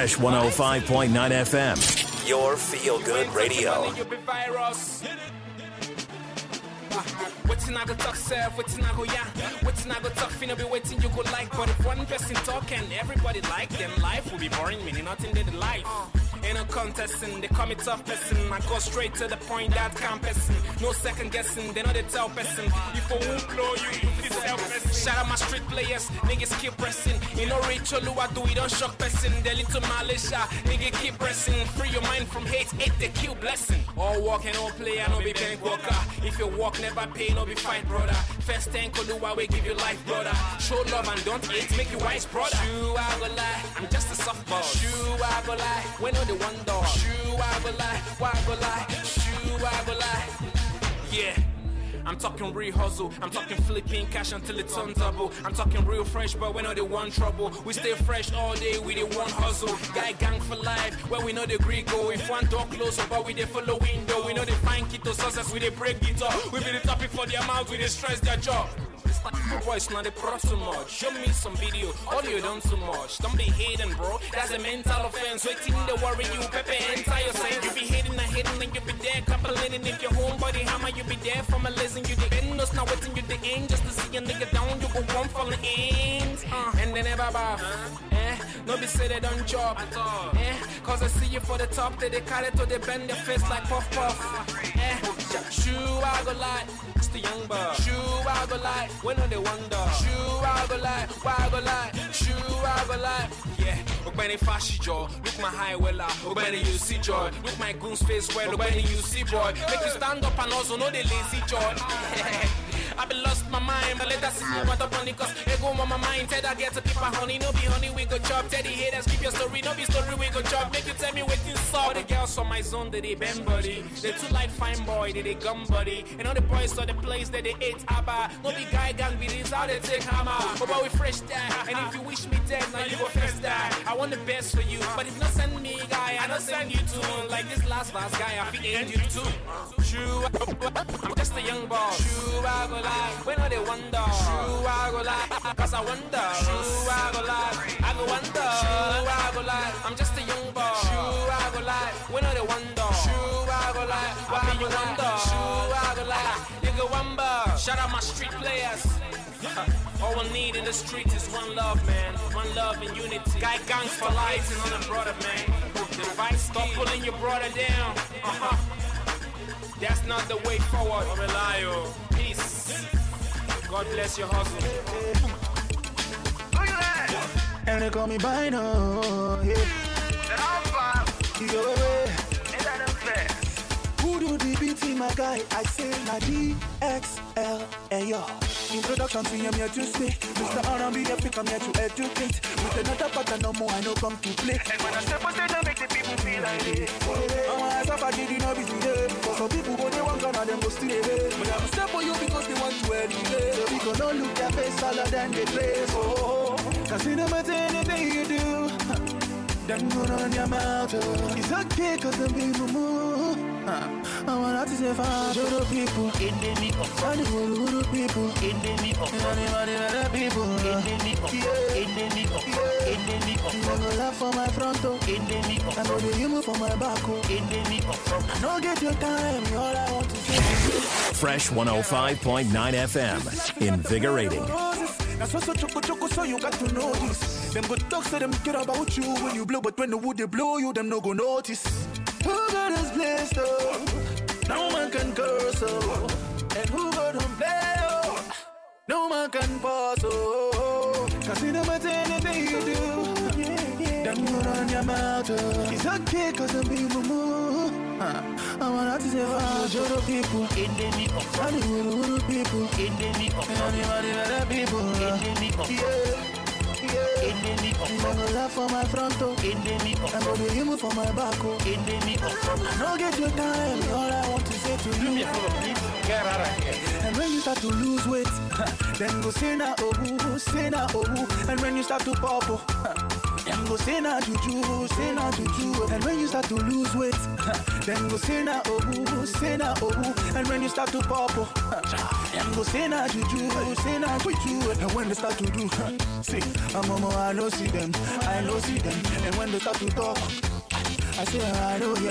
Fresh 105.9 FM, your feel good radio. Waiting, I go talk self, waiting, I go yeah. Waiting, I go talk, finna be waiting, you go like. But if one person talk and everybody like, then life will be boring, meaning nothing life. contesting, they call me tough person. I go straight to the point that can't person. No second guessing, they know they tell person. If a blow you, Shout out my street players, niggas keep pressing. You know Rachel who I do it on shock person. The little militia, nigga keep pressing. Free your mind from hate, hate the kill blessing. All walk and all play, I no be bank walker. If you walk, never pay, no be fight, brother. First thing, I we give you life, brother. Show love and don't hate, make you wise, brother. You I go lie, I'm just a softball. Shoo, I go lie, we know the one dog. Shoo, I go lie, why go lie? Shoo, I go lie, yeah. I'm talking real hustle. I'm talking flipping cash until it turns double. I'm talking real fresh, but we know they want trouble. We stay fresh all day, we the one hustle. Guy gang for life, where we know the Greek go. If one door close, but we they follow window. We know they find key sauce success, we they break it up. We be the topic for their mouth, we they stress their jaw. Voice not a pro too much. Show me some video, all you done too much. Don't be hating, bro. That's a mental offense. Waiting to worry you, Pepe, entire sense. You be hating I hating and you be there complaining. If your homebody hammer, you be there for my lesson. You the end, not waiting you the end just to see a nigga down. You go one falling the uh, and they never bath. eh, nobody be say they don't job at all. Eh, cause I see you for the top, they they carry to they bend their face like puff puff. Eh, shoo I go like, it's the young bug. Shoo I go like lie, when on they wonder. True, I go lie, why go lie, true, I go lie. Yeah, Ogbeni fashi jaw, look my high wella, Ogbeni you see joy, look my goon's face well, Ogbeni you see boy, make you stand up and also know they lazy joy. I have been lost my mind, but let us see what the cause. it Ego on my mind, said I get to keep a honey. No be honey, we go chop. Teddy haters, keep your story. No be story, we go chop. Make you tell me what you saw. All the girls from my zone, they they bend body. They too light, fine boy, they they gum buddy. And all the boys saw the place that they ate abba. No be guy gang, be this how they take hammer. But boy, we fresh die. And if you wish me dead, now you go first die. I want the best for you, but if not send me guy, I don't send you to. Like this last last guy, I be end you too. True, I'm just a young boss. True, I go lie, when are they wonder? True, I go lie, cause I wonder. True, I go lie, I go wonder. True, I go lie, I'm just a young boy. True, I go lie, when are they wonder? True, I go lie, why you wonder? True, I go lie, you go wonder. Shout out my street players. Uh, all we need in the streets is one love, man. One love and unity. Guy gangs for life and on brother, man. Device, stop pulling your brother down. Uh huh. That's not the way forward. Aurelio. Peace. God bless your hustle. Look at that. And they call me Bino. Yeah. Yo, way. Ain't that a fact? do the beat, my guy. I say na DXL, yo. Introduction to him here to speak. Mr. R&B, the pick, I'm here to educate. With another partner, no more, I no come to play. And when I step on stage, I make the people feel like wanna Oh, I suffer, did you know, busy day. For some people, go, they want gonna, them go still there. But I'm step on you because they want to elevate. So we gonna look their face, all than the place. play. Oh, oh, oh. Cause we don't matter anything you do. Then run on your mouth, It's okay, cause I'm being I want to say for the people. In the me of the world, people. In the me of anybody better people. In the me of In the me of In the me of I go laugh for my front, oh. In the me of I know the humor for my back, oh. In the me of No get your time, all I want to say. Fresh 105.9 FM. Invigorating. Now so so choco choco so you got to know this. Them go talk, say them care about you when you blow, but when the wood they blow you, them no go notice. Who God has blessed, oh, no man can curse, oh, and who God play oh, no man can pass, oh, cause it no matter anything you do, them go run your mouth, oh. It's okay, cause I'm people move. i want to artist, I'm a joro people, enemy of, I'm a people, enemy of, anybody the people, enemy of, yeah. Yeah. I'm gonna laugh for my front oh. Enemy I'm gonna give for my back oh. Enemy of I don't get your time. All I want to say to you. Do me a please. Get out of here. And when you start to lose weight, then go say na oh, say na oh. And when you start to pop oh. Them go say na juju, say na juju. And when you start to lose weight, then go say na obu, oh, say na obu. Oh. And when you start to pop, oh, them go say na juju, say na juju. And when they start to do, see, I'm on I no see them, I no see them. And when they start to talk, I say I know.